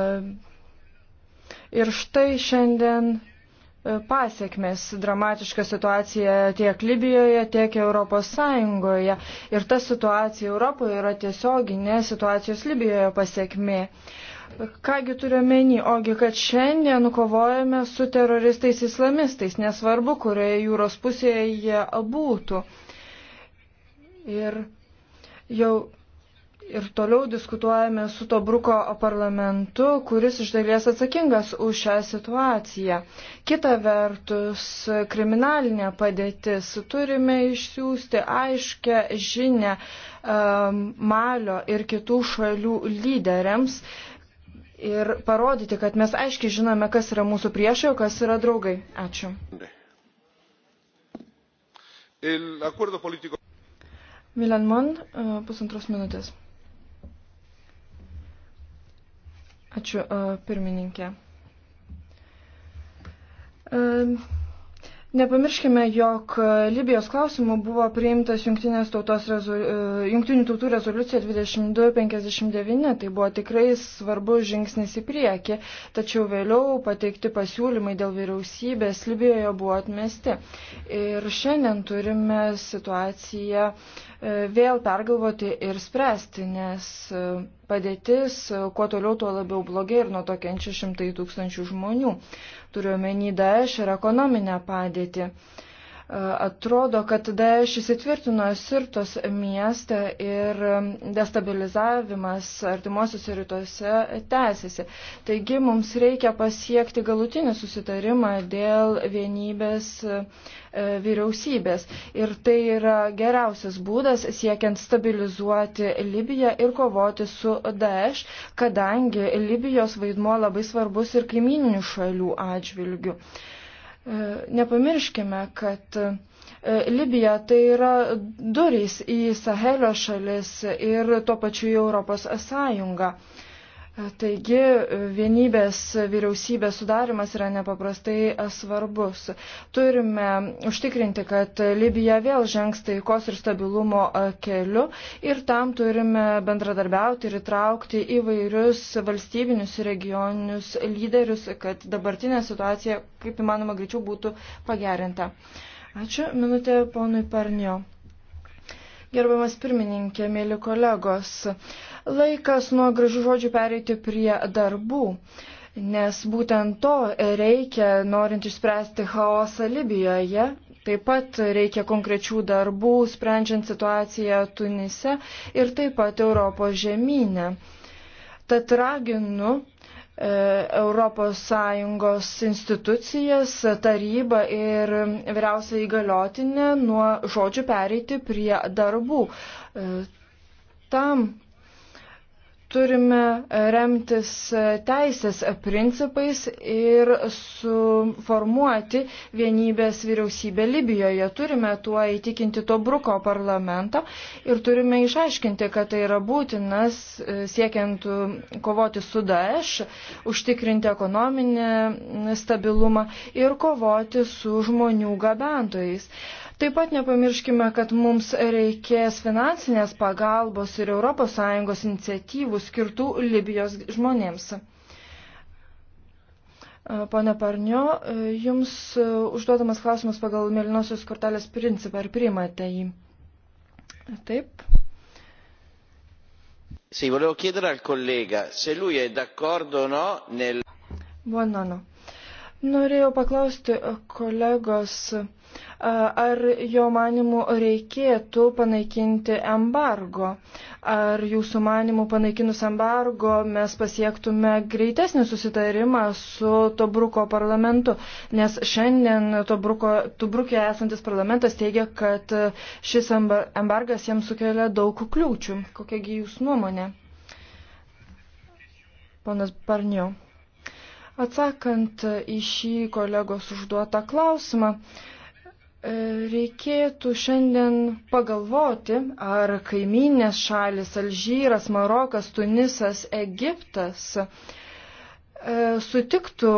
ir štai šiandien pasiekmes, dramatiška situacija tiek Libijoje, tiek Europos Sąjungoje. Ir ta situacija Europoje yra tiesioginė situacijos Libijoje pasiekmi. Kągi turiu meni, ogi kad šiandien kovojame su teroristais islamistais, nesvarbu, kurioje jūros pusėje jie būtų. Ir jau ir toliau diskutuojame su Tobruko parlamentu, kuris iš dalies atsakingas už šią situaciją. Kita vertus, kriminalinė padėtis. Turime išsiųsti aiškę žinę um, Malio ir kitų šalių lyderiams ir parodyti, kad mes aiškiai žinome, kas yra mūsų priešai, o kas yra draugai. Ačiū. Milan Mon, uh, pusantros minutės. Ačiū e, pirmininkė. E, Nepamirškime, jog Libijos klausimų buvo priimtas rezo, e, Junktinių tautų rezoliucija 2259, tai buvo tikrai svarbus žingsnis į priekį, tačiau vėliau pateikti pasiūlymai dėl vyriausybės Libijoje buvo atmesti. Ir šiandien turime situaciją e, vėl pergalvoti ir spręsti, nes e, padėtis kuo toliau, tuo labiau blogai ir nuo to kenčia šimtai tūkstančių žmonių turiu menį Daesh ir ekonominę padėtį. Atrodo, kad Daesh įsitvirtino Sirtos miestą ir destabilizavimas artimuosiuose rytuose tęsiasi. Taigi mums reikia pasiekti galutinį susitarimą dėl vienybės e, vyriausybės. Ir tai yra geriausias būdas siekiant stabilizuoti Libiją ir kovoti su Daesh, kadangi Libijos vaidmuo labai svarbus ir kaimininių šalių atžvilgių. Uh, Nepamirškime, kad e, Libija tai yra durys į Sahelio šalis ir tuo pačiu į Europos Sąjungą. Taigi vienybės vyriausybės sudarimas yra nepaprastai svarbus. Turime užtikrinti, kad Libija vėl žengs taikos ir stabilumo keliu ir tam turime bendradarbiauti ir įtraukti įvairius valstybinius ir regioninius lyderius, kad dabartinė situacija kaip įmanoma greičiau būtų pagerinta. Ačiū. Minutė ponui Parnio. Gerbiamas pirmininkė, mėly kolegos. Uh, Laikas nuo gražių žodžių pereiti prie darbų, nes būtent to reikia, norint išspręsti chaosą Libijoje. Taip pat reikia konkrečių darbų, sprendžiant situaciją Tunise ir taip pat Europos žemynę. Tad raginu ES institucijas, tarybą ir vyriausią įgaliotinę nuo žodžių pereiti prie darbų. E, tam, turime e, remtis e, teisės principais ir suformuoti vienybės vyriausybę Libijoje. Turime tuo įtikinti to bruko parlamento ir turime išaiškinti, kad tai yra būtinas e, siekiant kovoti su Daesh, užtikrinti ekonominį stabilumą ir kovoti su žmonių gabentojais. Taip pat nepamirškime, kad mums reikės finansinės pagalbos ir ES iniciatyvų skirtų Libijos žmonėms. Pane Parnio, jums užduodamas klausimas pagal mėlynosios kortelės principą, ar priimate jį? Taip. Sì, volevo chiedere al collega se lui è d'accordo o no nel... Buonanno. Norėjau paklausti kolegos, Ar jo manimu reikėtų panaikinti embargo? Ar jūsų manimu panaikinus embargo mes pasiektume greitesnį susitarimą su Tobruko parlamentu? Nes šiandien Tobruko, Tobrukė esantis parlamentas teigia, kad šis embargas jiems sukelia daug kliūčių. Kokiagi jūsų nuomonė? Ponas Barnio. Atsakant į šį kolegos užduotą klausimą, uh, E, reikėtų šiandien pagalvoti, ar kaiminės šalis Alžyras, Marokas, Tunisas, Egiptas e, sutiktų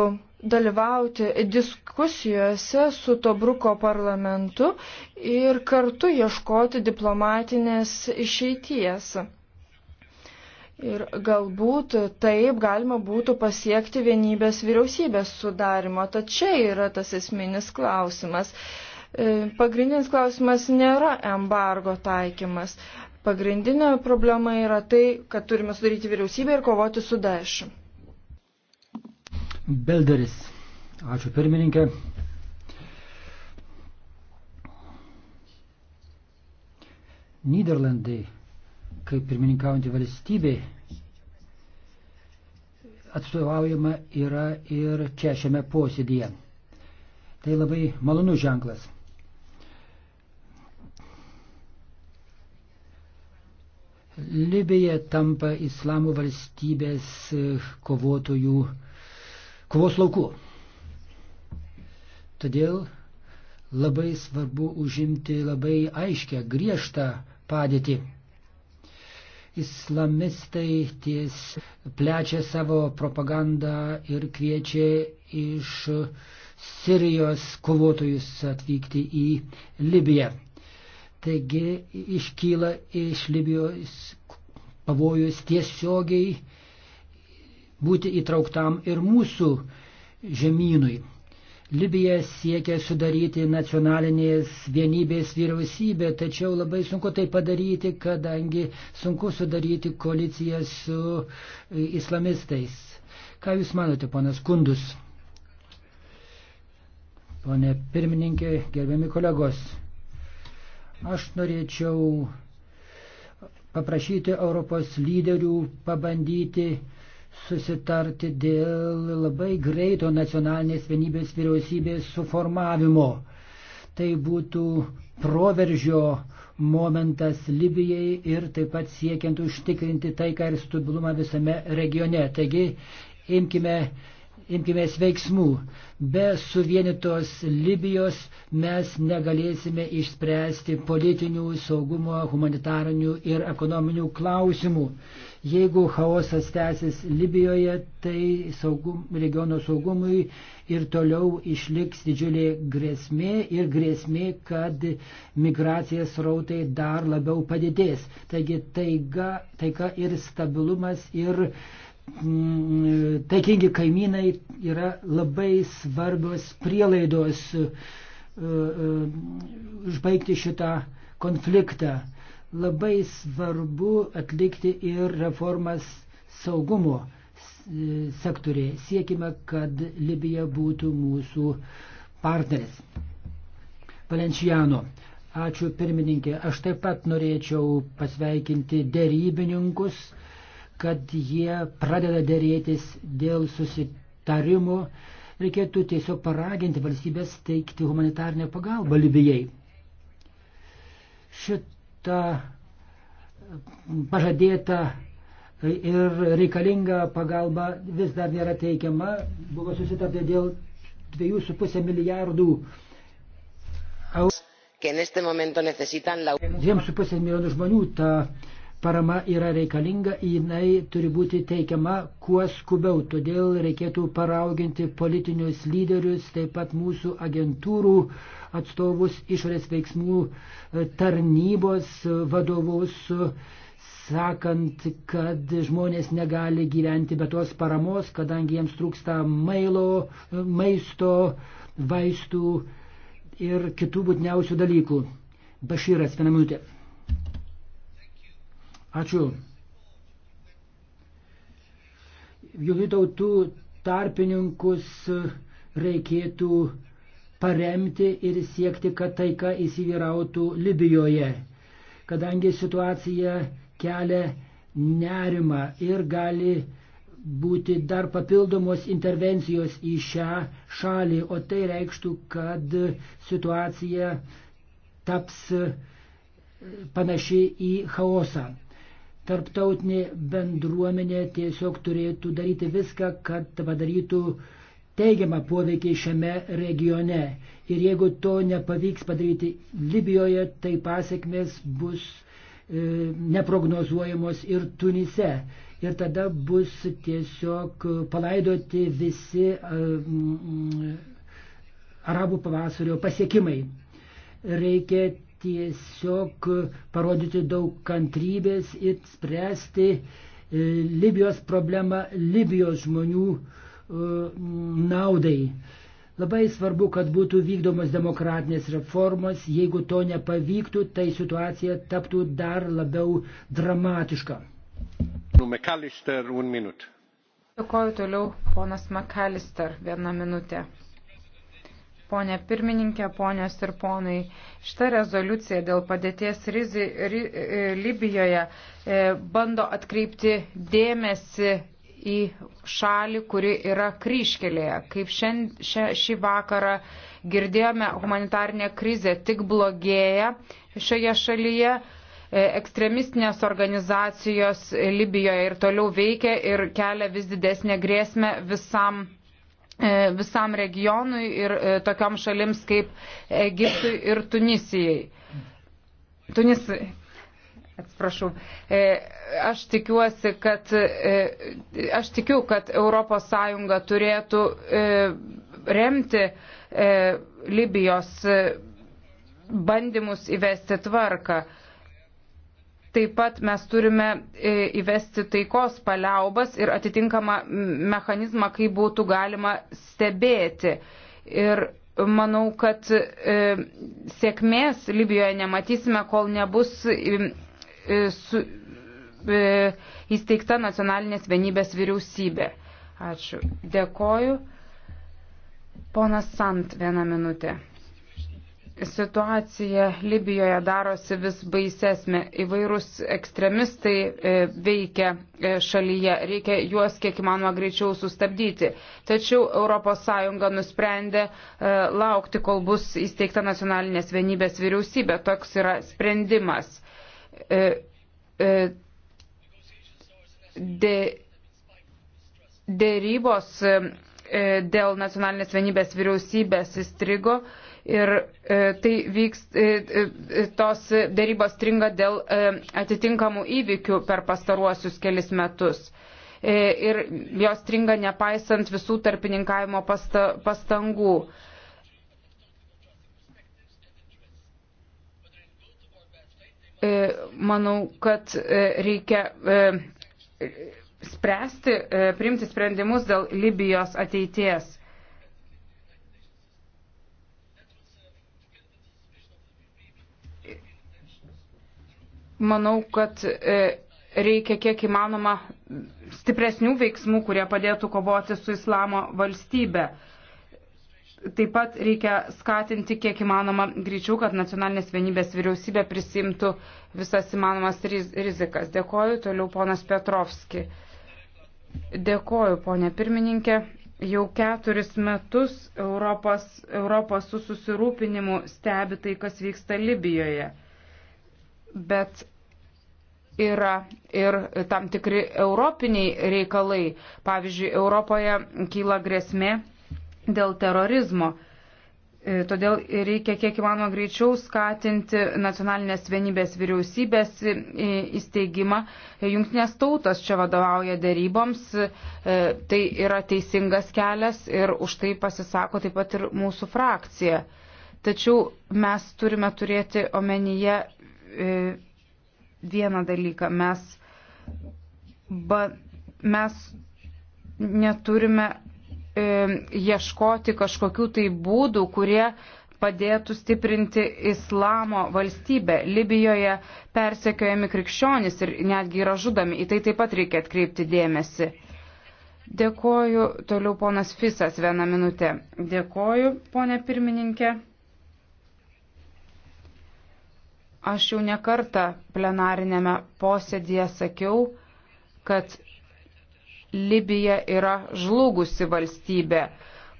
dalyvauti diskusijose su Tobruko parlamentu ir kartu ieškoti diplomatinės išeities. Ir galbūt taip galima būtų pasiekti vienybės vyriausybės sudarimo. Tačiau yra tas esminis klausimas. E, E, pagrindinis klausimas nėra embargo taikymas. Pagrindinė problema yra tai, kad turime sudaryti vyriausybę ir kovoti su Daešu. Belderis. Ačiū pirmininkė. Niderlandai, kaip pirmininkaujantį valstybė, atstovaujama yra ir čia šiame posėdėje. Tai labai malonus ženklas. Libija tampa islamo valstybės e, kovotojų kovos lauku. Todėl labai svarbu užimti labai aiškę, griežtą padėtį. Islamistai ties plečia savo propagandą ir kviečia iš Sirijos kovotojus atvykti į Libiją. Taigi iškyla iš Libijos pavojus tiesiogiai būti įtrauktam ir mūsų žemynui. Libija siekia sudaryti nacionalinės vienybės vyriausybę, tačiau labai sunku tai padaryti, kadangi sunku sudaryti koaliciją su e, islamistais. Ką Jūs manote, ponas Kundus? Pone pirmininkė, gerbiami kolegos. Aš norėčiau paprašyti Europos lyderių pabandyti susitarti dėl labai greito nacionalinės vienybės vyriausybės suformavimo. Tai būtų proveržio momentas Libijai ir taip pat siekiant užtikrinti taiką ir stabilumą visame regione. Taigi imkime imkimės veiksmų. Be suvienytos Libijos mes negalėsime išspręsti politinių, saugumo, humanitarinių ir ekonominių klausimų. Jeigu chaosas tęsis Libijoje, tai saugum, regiono saugumui ir toliau išliks didžiulė grėsmė ir grėsmė, kad migracijos rautai dar labiau padidės. Taigi taiga, taika ir stabilumas ir Mm, taikingi kaimynai yra labai svarbios prielaidos e, e, užbaigti šitą konfliktą. Labai svarbu atlikti ir reformas saugumo sektoriai. Siekime, kad Libija būtų mūsų partneris. Valenčiano. Ačiū pirmininkė. Aš taip pat norėčiau pasveikinti dėrybininkus kad jie pradeda dėrėtis dėl susitarimų. Reikėtų tiesiog paraginti valstybės teikti humanitarnę pagalbą Libijai. Šitą pažadėtą ir reikalinga pagalba vis dar nėra teikiama. Buvo susitarta dėl 2,5 milijardų eurų. 2,5 milijonų žmonių ta parama yra reikalinga, jinai turi būti teikiama kuo skubiau. Todėl reikėtų parauginti politinius lyderius, taip pat mūsų agentūrų atstovus, išorės veiksmų e, tarnybos e, vadovus, e, sakant, kad žmonės negali gyventi be tos paramos, kadangi jiems trūksta mailo, maisto, vaistų ir kitų būtiniausių dalykų. Bašyras, vieną minutę. Ačiū. Jungtinių tautų tarpininkus reikėtų paremti ir siekti, kad taika įsivyrautų Libijoje, kadangi situacija kelia nerimą ir gali būti dar papildomos intervencijos į šią šalį, o tai reikštų, kad situacija taps panaši į chaosą tarptautinė bendruomenė tiesiog turėtų daryti viską, kad padarytų teigiamą poveikį šiame regione. Ir jeigu to nepavyks padaryti Libijoje, tai pasiekmes bus e, neprognozuojamos ir Tunise. Ir tada bus tiesiog palaidoti visi e, m, arabų pavasario pasiekimai. Reikia tiesiog parodyti daug kantrybės ir spręsti e, Libijos problemą Libijos žmonių e, naudai. Labai svarbu, kad būtų vykdomos demokratinės reformos. Jeigu to nepavyktų, tai situacija taptų dar labiau dramatiška. Nu, Dėkoju toliau, ponas McAllister, vieną minutę. Pone pirmininkė, ponios ir ponai, šita rezoliucija dėl padėties rizi, ri, e, Libijoje e, bando atkreipti dėmesį į šalį, kuri yra kryškelėje. Kaip šiandien, šia, šį vakarą girdėjome, humanitarnė krizė tik blogėja šioje šalyje e, ekstremistinės organizacijos Libijoje ir toliau veikia ir kelia vis didesnę grėsmę visam E, visam regionui ir e, tokiom šalims kaip Egiptui ir Tunisijai. Tunisai. Atsiprašau. E, aš tikiuosi, kad, aš tikiu, kad ES turėtų remti Libijos bandymus įvesti tvarką. Taip pat mes turime e, įvesti taikos paliaubas ir atitinkamą mechanizmą, kaip būtų galima stebėti. Ir manau, kad e, sėkmės Libijoje nematysime, kol nebus e, su, įsteigta nacionalinės vienybės vyriausybė. Ačiū. Dėkoju. Ponas Sant, vieną minutę situacija Libijoje darosi vis baisesnė. Įvairūs ekstremistai e, veikia e, šalyje. Reikia juos kiek įmanoma greičiau sustabdyti. Tačiau ES nusprendė e, laukti, kol bus įsteigta nacionalinės vienybės vyriausybė. Toks yra sprendimas. De, dėrybos dėl nacionalinės vienybės vyriausybės įstrigo ir e, tai vyks, e, e, tos dėrybos stringa dėl atitinkamų įvykių per pastaruosius kelis metus. Ir jos stringa nepaisant visų tarpininkavimo pastangų. Manau, kad reikia spręsti, priimti sprendimus dėl Libijos ateities. manau, kad e, reikia kiek įmanoma stipresnių veiksmų, kurie padėtų kovoti su islamo valstybe. Taip pat reikia skatinti kiek įmanoma greičiau, kad nacionalinės vienybės vyriausybė prisimtų visas įmanomas rizikas. Dėkoju, toliau ponas Petrovski. Dėkoju, ponė pirmininkė. Jau keturis metus Europos, Europos su susirūpinimu stebi tai, kas vyksta Libijoje bet yra ir tam tikri europiniai reikalai. Pavyzdžiui, Europoje kyla grėsmė dėl terorizmo. E, todėl reikia kiek įmanoma greičiau skatinti nacionalinės vienybės vyriausybės įsteigimą. Junktinės tautos čia vadovauja dėryboms, e, tai yra teisingas kelias ir už tai pasisako taip pat ir mūsų frakcija. Tačiau mes turime turėti omenyje E, vieną dalyką. Mes, ba, mes neturime e, ieškoti kažkokių tai būdų, kurie padėtų stiprinti islamo valstybę. Libijoje persekiojami krikščionys ir netgi yra žudami. Į tai taip pat reikia atkreipti dėmesį. Dėkoju, toliau ponas Fisas, vieną minutę. Dėkoju, ponė pirmininkė. Aš jau nekartą plenarinėme posėdėje sakiau, kad Libija yra žlugusi valstybė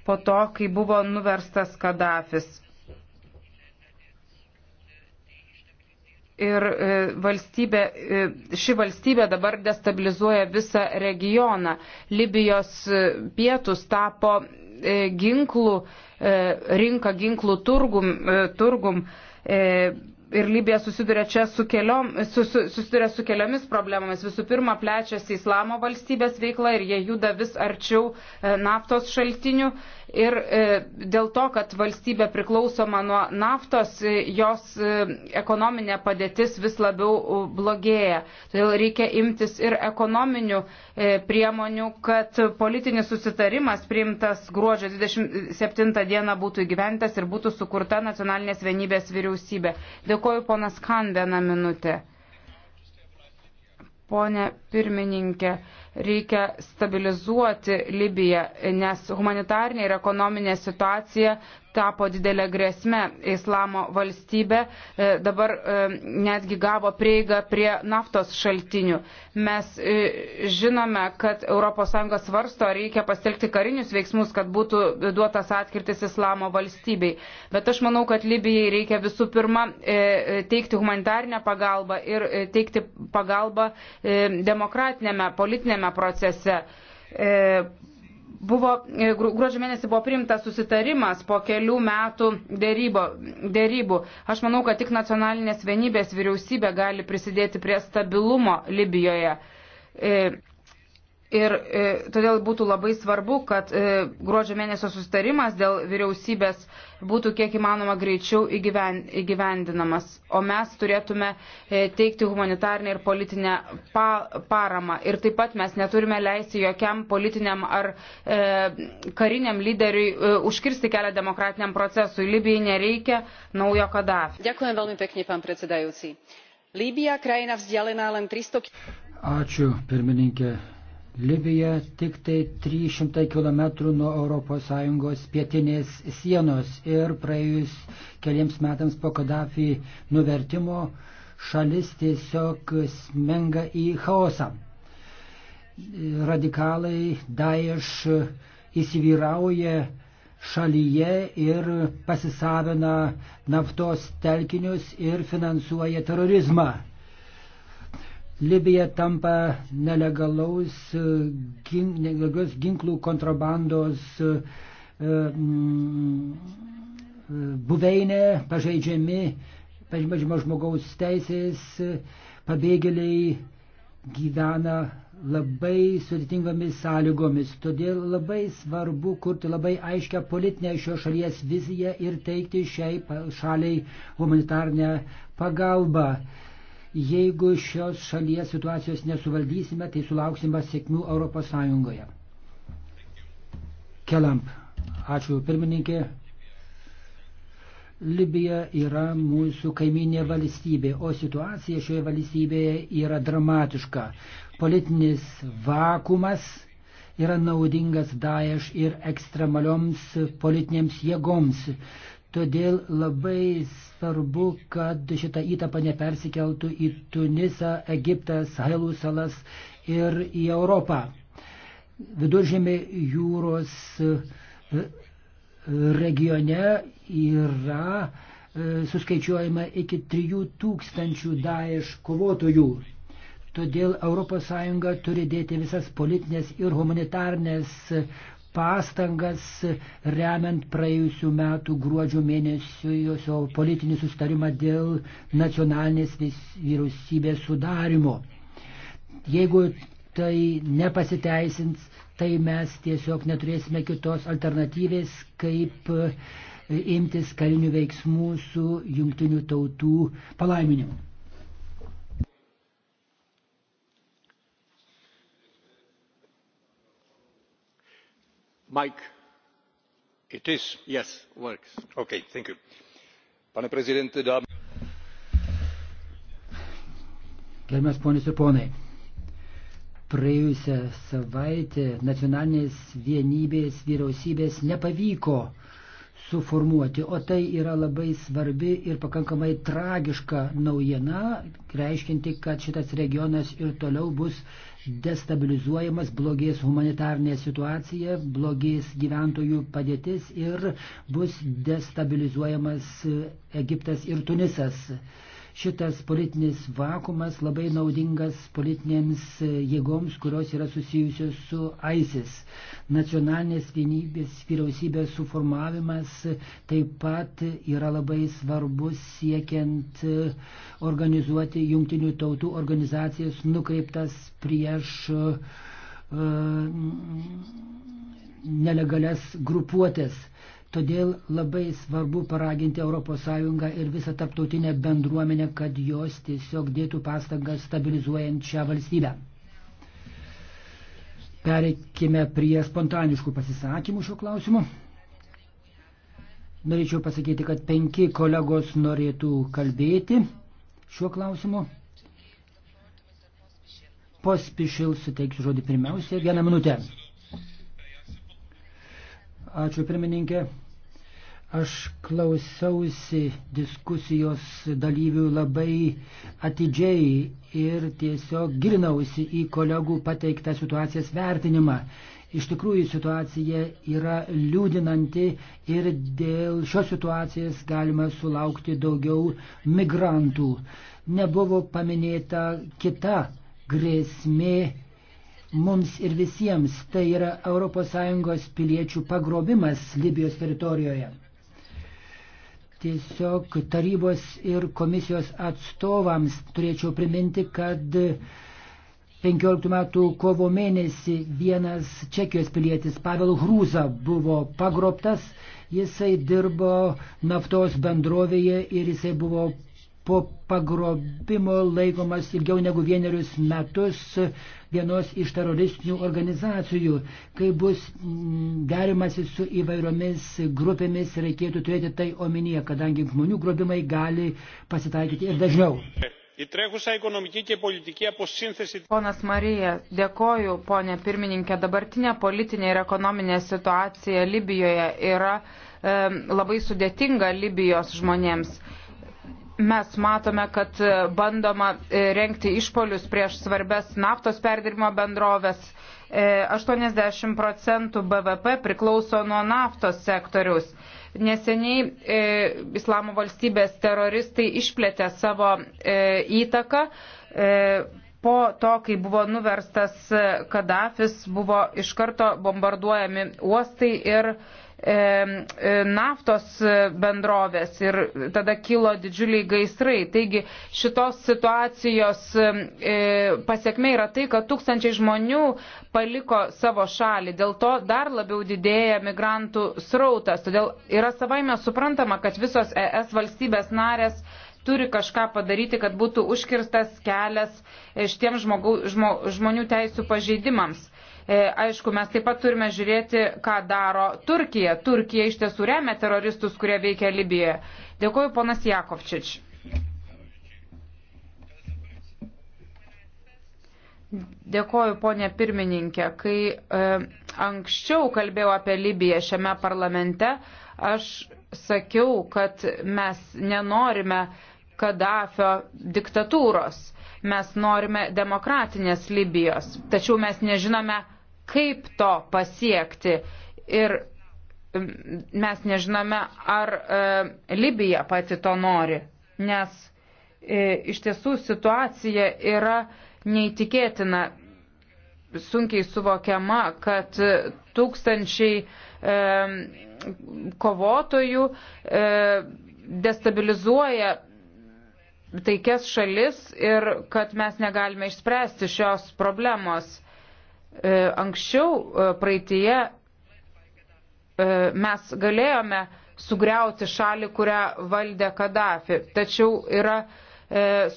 po to, kai buvo nuverstas Kadafis. Ir e, valstybė, e, ši valstybė dabar destabilizuoja visą regioną. Libijos e, pietus tapo ginklų, rinka ginklų turgum, turgum ir Libija susiduria čia su, keliom, su, su, susiduria su keliomis problemomis. Visų pirma, plečiasi islamo valstybės veikla ir jie juda vis arčiau e, naftos šaltinių. E, ir e, dėl to, kad valstybė priklausoma nuo naftos, e, jos e, ekonominė padėtis vis labiau blogėja. Todėl reikia imtis ir ekonominių priemonių, kad politinis susitarimas priimtas gruodžio 27 dieną būtų įgyventas ir būtų sukurta nacionalinės vienybės vyriausybė. Dėkuoju ponas Kan vieną minutę. Pone pirmininkė, reikia stabilizuoti Libiją, nes humanitarnė ir ekonominė situacija tapo didelę grėsmę islamo valstybę, e, dabar e, netgi gavo prieigą prie naftos šaltinių. Mes e, žinome, kad ES svarsto, reikia pastelgti karinius veiksmus, kad būtų duotas atkirtis islamo valstybei. Bet aš manau, kad Libijai reikia visų pirma teikti humanitarinę pagalbą ir teikti pagalbą demokratinėme politinėme procese Buvo, e, gruodžio mėnesį buvo priimtas susitarimas po kelių metų dėrybo, dėrybų. Aš manau, kad tik nacionalinės vienybės vyriausybė gali prisidėti prie stabilumo Libijoje. E, Ir e, todėl būtų labai svarbu, kad e, gruodžio mėnesio sustarimas dėl vyriausybės būtų kiek įmanoma greičiau įgyven, įgyvendinamas. O mes turėtume e, teikti humanitarnę ir politinę pa, paramą. Ir taip pat mes neturime leisti jokiam politiniam ar e, kariniam lyderiui e, užkirsti kelią demokratiniam procesui. Libijai nereikia naujo Kadafi. Dėkuojam veľmi pekne, pán predsedajúci. Líbia, krajina vzdialená len 300 Ačiū, pirmininkė. Libija tik tai 300 km nuo ES pietinės sienos ir praėjus keliems metams po Kadafi nuvertimo šalis tiesiog smenga į chaosą. Radikalai Daesh įsivyrauja šalyje ir pasisavina naftos telkinius ir finansuoja terorizmą. Libija tampa nelegalaus, gin, nelegalaus ginklų kontrabandos e, mm, buveinė, pažeidžiami, pažeidžiama žmogaus teisės, pabėgėliai gyvena labai sudėtingomis sąlygomis. Todėl labai svarbu kurti labai aiškę politinę šios šalies viziją ir teikti šiai šaliai humanitarnę pagalbą. Jeigu šios šalies situacijos nesuvaldysime, tai sulauksime sėkmių Europos Sąjungoje. Kelamp. Ačiū pirmininkė. Libija yra mūsų kaiminė valstybė, o situacija šioje valstybėje yra dramatiška. Politinis vakumas yra naudingas Daesh ir ekstremalioms politinėms jėgoms. Todėl labai svarbu, kad šita įtapa nepersikeltų į Tunisą, Egiptą, Sahelų salas ir į Europą. Viduržėmė jūros e, regione yra e, suskaičiuojama iki 3000 daeš kovotojų. Todėl ES turi dėti visas politinės ir humanitarnės pastangas remiant praėjusių metų gruodžio mėnesio politinį sustarimą dėl nacionalinės vyriausybės sudarimo. Jeigu tai nepasiteisins, tai mes tiesiog neturėsime kitos alternatyvės, kaip e, imtis karinių veiksmų su jungtinių tautų palaiminimu. Yes, okay, pane prezidente dámy Gerbiamas ponis ir ponai, praėjusią savaitę nacionalinės vienybės vyriausybės nepavyko suformuoti. O tai yra labai svarbi ir pakankamai tragiška naujiena, reiškinti, kad šitas regionas ir toliau bus destabilizuojamas, blogės humanitarnė situacija, blogės gyventojų padėtis ir bus destabilizuojamas Egiptas ir Tunisas. Šitas politinis vakumas labai naudingas politinėms jėgoms, kurios yra susijusios su ISIS. Nacionalinės vienybės vyriausybės suformavimas taip pat yra labai svarbus siekiant organizuoti jungtinių tautų organizacijas nukreiptas prieš uh, nelegales grupuotės. Todėl labai svarbu paraginti ES ir visą taptautinę bendruomenę, kad jos tiesiog dėtų pastangas stabilizuojant šią valstybę. Pereikime prie spontaniškų pasisakymų šio klausimu. Norėčiau pasakyti, kad penki kolegos norėtų kalbėti šiuo klausimu. Pospišil suteiksiu žodį pirmiausia. Vieną minutę. Ačiū pirmininkė. Aš klausiausi diskusijos dalyvių labai atidžiai ir tiesiog gilinausi į kolegų pateiktą situacijos vertinimą. Iš tikrųjų situacija yra liūdinanti ir dėl šios situacijos galima sulaukti daugiau migrantų. Nebuvo paminėta kita grėsmė mums ir visiems, tai yra ES piliečių pagrobimas Libijos teritorijoje. Tiesiog tarybos ir komisijos atstovams turėčiau priminti, kad 15 metų kovo mėnesį vienas Čekijos pilietis Pavel Hrūza buvo pagrobtas, jisai dirbo naftos bendrovėje ir jisai buvo po pagrobimo laikomas ilgiau negu vienerius metus vienos iš teroristinių organizacijų. Kai bus mm, derimasi su įvairiomis grupėmis, reikėtų turėti tai omenyje, kadangi žmonių grobimai gali pasitaikyti ir dažniau. Ponas Marija, dėkoju, ponė pirmininkė. Dabartinė politinė ir ekonominė situacija Libijoje yra e, labai sudėtinga Libijos žmonėms. E, mes matome, kad e, bandoma e, renkti išpolius prieš svarbes naftos perdirbimo bendrovės. 80 e, procentų BVP priklauso nuo naftos sektoriaus. Neseniai e, Islamo valstybės teroristai išplėtė savo e, įtaką. E, po to, kai buvo nuverstas Kadafis, buvo iš karto bombarduojami uostai ir e, naftos bendrovės ir tada kilo didžiuliai gaisrai. Taigi šitos situacijos e, pasiekme yra tai, kad tūkstančiai žmonių paliko savo šalį. Dėl to dar labiau didėja migrantų srautas. Todėl yra savaime suprantama, kad visos ES valstybės narės turi kažką padaryti, kad būtų užkirstas kelias e, šitiems žmogų, žmo, žmonių teisų pažeidimams. E, aišku, mes taip pat turime žiūrėti, ką daro Turkija. Turkija iš tiesų remia teroristus, kurie veikia Libijoje. Dėkuoju, ponas Jakovčič. Dėkoju, ponė pirmininkė. Kai e, anksčiau kalbėjau apie Libiją šiame parlamente, aš sakiau, kad mes nenorime Kadafio diktatūros, mes norime demokratinės Libijos, tačiau mes nežinome, kaip to pasiekti. Ir mes nežinome, ar e, Libija pati to nori, nes e, iš tiesų situacija yra neįtikėtina, sunkiai suvokiama, kad tūkstančiai e, kovotojų e, destabilizuoja taikias šalis ir kad mes negalime išspręsti šios problemos. E, anksčiau e, praeitie e, mes galėjome sugriauti šalį, kurią valdė Kadafi. Tačiau yra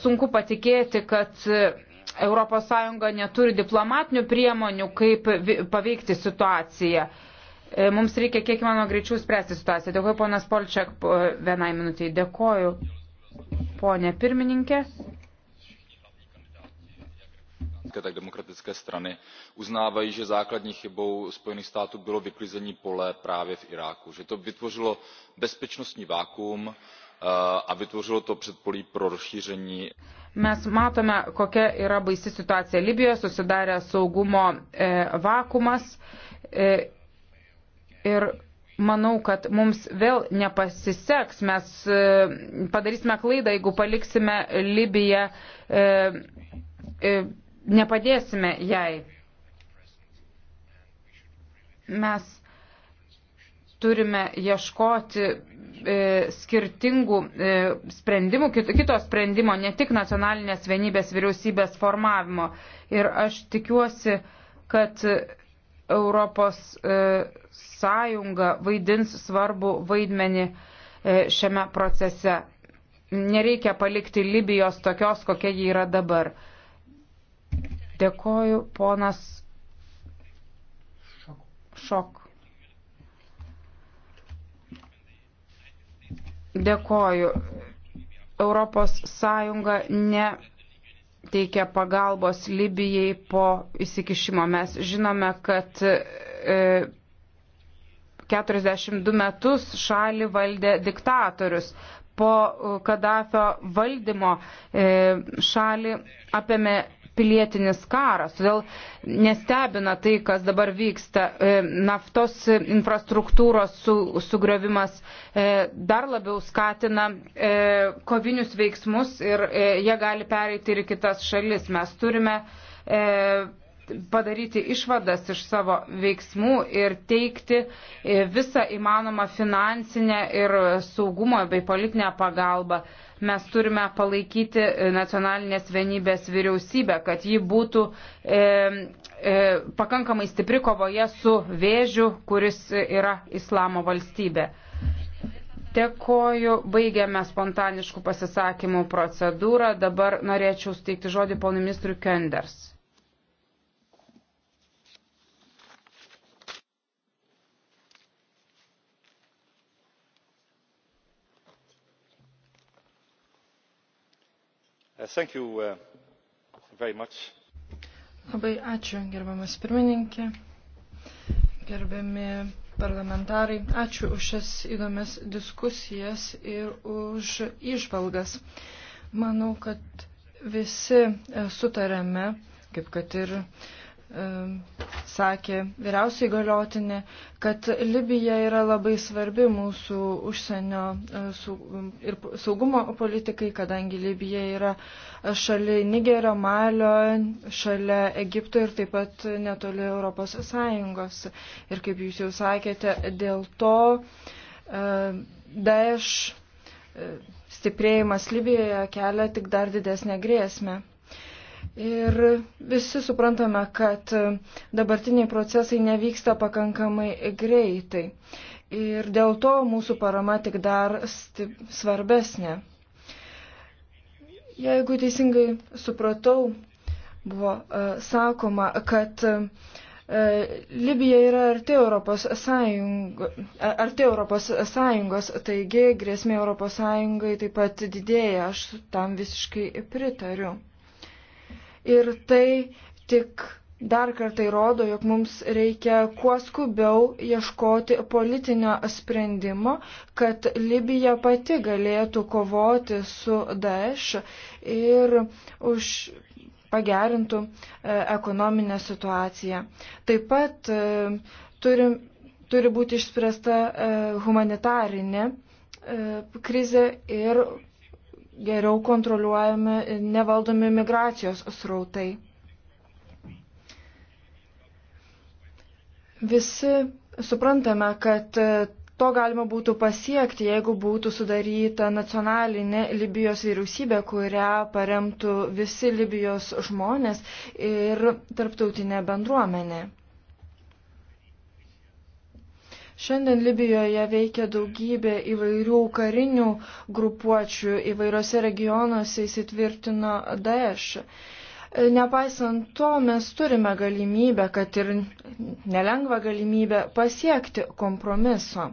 sunku patikėti, kad ES neturi diplomatinių priemonių, kaip paveikti situaciją. Mums reikia kiek įmanoma greičiau spręsti situaciją. Dėkuoju, ponas Polčiak, vienai minutiai. Dėkuoju, ponė pirmininkė prezidentky tak demokratické strany uznávají že základní chybou spojených států bylo vyklizení pole právě v iráku že to vytvořilo bezpečnostní vakuum eh, a vytvořilo to předpolí pro rozšíření. Mes matome, kokia yra baisi situacija Libijoje, susidarė saugumo e, vakumas e, ir manau, kad mums vėl nepasiseks, mes e, padarysime klaidą, jeigu paliksime Libiją. E, e, nepadėsime jai. Mes turime ieškoti e, skirtingų e, sprendimų, kito, kito sprendimo, ne tik nacionalinės vienybės vyriausybės formavimo. Ir aš tikiuosi, kad Europos e, Sąjunga vaidins svarbu vaidmenį e, šiame procese. Nereikia palikti Libijos tokios, kokia ji yra dabar. E, Dėkoju, ponas Šok. Dėkoju. Europos Sąjunga ne teikia pagalbos Libijai po įsikišimo. Mes žinome, kad 42 e, metus šalį valdė diktatorius. Po Kadafio valdymo e, šalį apėmė pilietinis karas. Todėl nestebina tai, kas dabar vyksta. E, naftos infrastruktūros su, sugriovimas e, dar labiau skatina e, kovinius veiksmus ir jie gali pereiti ir į kitas šalis. Mes turime padaryti išvadas iš savo veiksmų ir teikti visą įmanomą finansinę ir saugumo bei politinę pagalbą mes turime palaikyti e, nacionalinės vienybės vyriausybę, kad ji būtų e, e, pakankamai stipri kovoje su vėžiu, kuris yra islamo valstybė. Dėkoju, baigiame spontaniškų pasisakymų procedūrą. Dabar norėčiau steikti žodį ponui ministrui Kenders. Uh, thank you uh, very much. Labai ačiū, gerbiamas pirmininkė, gerbiami parlamentarai. Ačiū už šias įdomias diskusijas ir už išvalgas. Manau, kad visi e, sutarėme, kaip kad ir uh, sakė vyriausiai galiotinė, kad Libija yra labai svarbi mūsų užsienio e, ir saugumo politikai, kadangi Libija yra šalia Nigerio, Malio, šalia Egipto ir taip pat netoli Europos Sąjungos. Ir kaip jūs jau sakėte, dėl to e, Daesh e, stiprėjimas Libijoje kelia tik dar didesnę grėsmę. Ir visi suprantame, kad dabartiniai procesai nevyksta pakankamai greitai. Ir dėl to mūsų parama tik dar svarbesnė. Jeigu teisingai supratau, buvo e, sakoma, kad e, Libija yra arti Europos, Sąjungo, arti Europos Sąjungos, taigi grėsmė Europos Sąjungai taip pat didėja, aš tam visiškai pritariu. Ir tai tik dar kartai rodo, jog mums reikia kuo skubiau ieškoti politinio sprendimo, kad Libija pati galėtų kovoti su Daesh ir už pagerintų e, ekonominę situaciją. Taip pat e, turi, turi būti išspręsta e, humanitarinė krizė ir geriau kontroliuojami ir nevaldomi migracijos srautai. Visi suprantame, kad to galima būtų pasiekti, jeigu būtų sudaryta nacionalinė Libijos vyriausybė, kurią paremtų visi Libijos žmonės ir tarptautinė bendruomenė. Šiandien Libijoje veikia daugybė įvairių karinių grupuočių, įvairiose regionuose įsitvirtino Daesh. Nepaisant to, mes turime galimybę, kad ir nelengvą galimybę pasiekti kompromiso.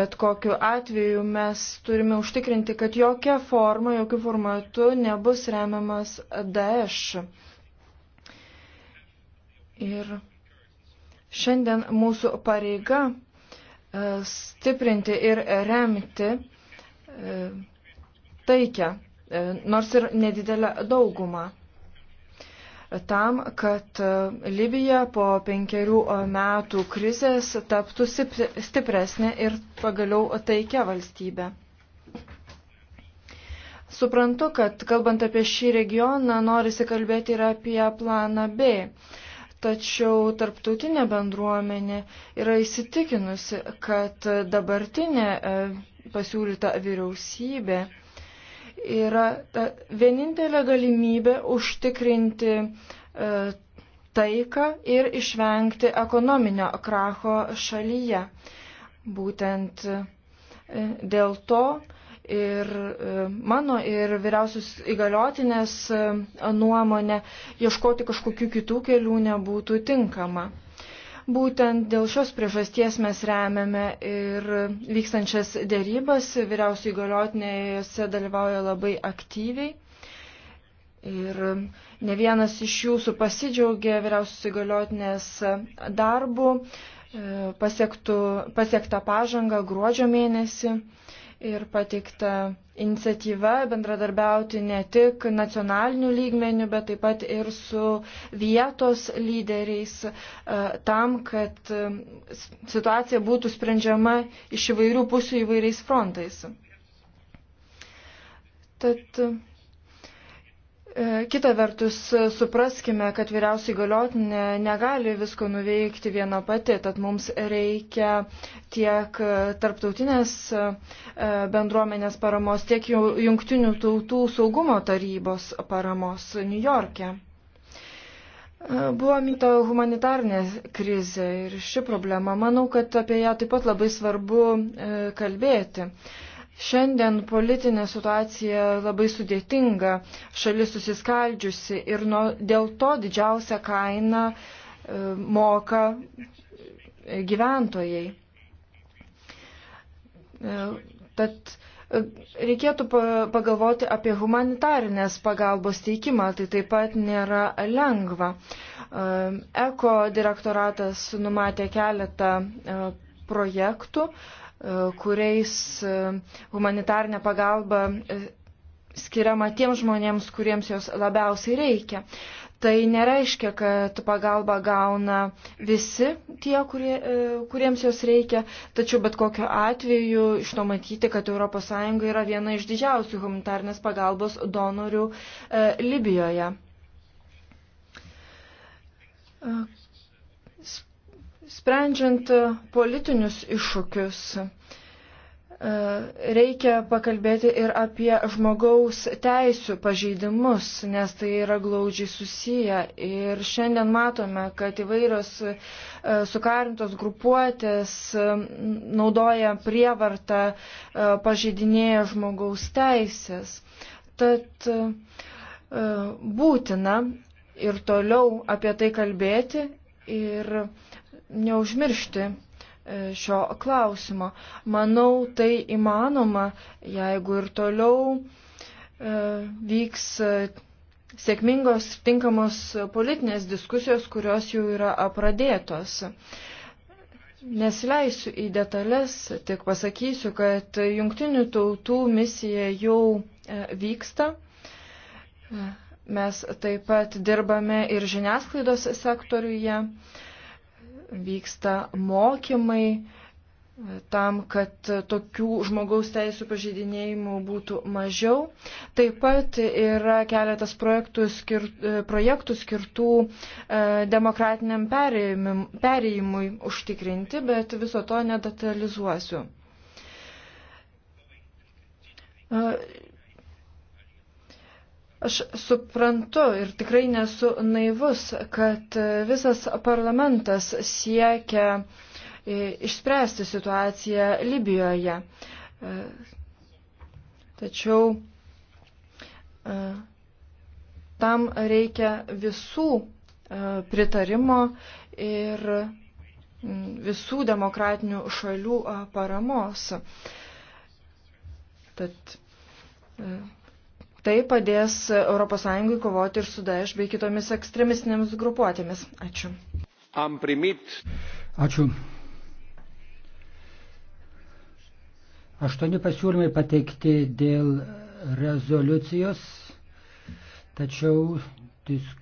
Bet kokiu atveju mes turime užtikrinti, kad jokia forma, jokių formatų nebus remiamas Daesh. Ir Šiandien mūsų pareiga e, stiprinti ir remti e, taikę, e, nors ir nedidelę daugumą. Tam, kad Libija po penkerių metų krizės taptų stipresnė ir pagaliau taikia valstybė. Suprantu, kad kalbant apie šį regioną, norisi kalbėti ir apie planą B. Tačiau tarptautinė bendruomenė yra įsitikinusi, kad dabartinė e, pasiūlyta vyriausybė yra ta e, vienintelė galimybė užtikrinti e, taiką ir išvengti ekonominio kracho šalyje. Būtent dėl to ir e, mano ir vyriausios įgaliotinės e, nuomonė ieškoti kažkokių kitų kelių nebūtų tinkama. Būtent dėl šios priežasties mes remiame ir vykstančias dėrybas, vyriausių įgaliotinėse dalyvauja labai aktyviai. Ir ne vienas iš jūsų pasidžiaugė vyriausios įgaliotinės darbu, e, pasiektą pažangą gruodžio mėnesį ir pateikta iniciatyva bendradarbiauti ne tik nacionaliniu lygmeniu, bet taip pat ir su vietos lyderiais e, tam, kad e, situacija būtų sprendžiama iš įvairių pusių įvairiais frontais. Tad E, kita vertus, supraskime, kad vyriausiai galiotinė negali visko nuveikti viena pati, tad mums reikia tiek tarptautinės e, bendruomenės paramos, tiek jungtinių tautų saugumo tarybos paramos New York'e. E, buvo minta humanitarnė krizė ir ši problema, manau, kad apie ją taip pat labai svarbu kalbėti. Šiandien politinė situacija labai sudėtinga, šalis susiskaldžiusi ir nuo, dėl to didžiausią kainą e, moka e, gyventojai. E, tad e, reikėtų pagalvoti apie humanitarinės pagalbos teikimą, tai taip pat nėra lengva. E, eko direktoratas numatė keletą projektų, kuriais e, humanitarnė pagalba e, skiriama tiems žmonėms, kuriems jos labiausiai reikia. Tai nereiškia, kad pagalba gauna visi tie, kurie, e, kuriems jos reikia, tačiau bet kokiu atveju iš to matyti, kad ES yra viena iš didžiausių humanitarnės pagalbos donorių e, Libijoje. E, Sprendžiant politinius iššūkius, e, reikia pakalbėti ir apie žmogaus teisų pažeidimus, nes tai yra glaudžiai susiję. Ir šiandien matome, kad įvairios e, sukarintos grupuotės e, naudoja prievartą, pažeidinėja žmogaus teisės. Tad būtina ir toliau apie tai kalbėti ir neužmiršti e, šio klausimo. Manau, tai įmanoma, jeigu ir toliau e, vyks e, sėkmingos, tinkamos politinės diskusijos, kurios jau yra apradėtos. Nesileisiu į detalės, tik pasakysiu, kad jungtinių tautų misija jau vyksta. Mes taip pat dirbame ir žiniasklaidos sektoriuje vyksta mokymai e, tam, kad tokių žmogaus teisų pažeidinėjimų būtų mažiau. Taip pat yra keletas projektų, skir, e, projektų skirtų e, demokratiniam perėjimui užtikrinti, bet viso to nedetalizuosiu. Aš suprantu ir tikrai nesu naivus, kad visas parlamentas siekia e, išspręsti situaciją Libijoje. E, tačiau e, tam reikia visų pritarimo ir visų demokratinių šalių paramos. Tad Tai padės ES kovoti ir su Daesh bei kitomis ekstremistinėmis grupuotėmis. Ačiū. Ačiū. Aštuoni pasiūlymai pateikti dėl rezoliucijos, tačiau diskusijos.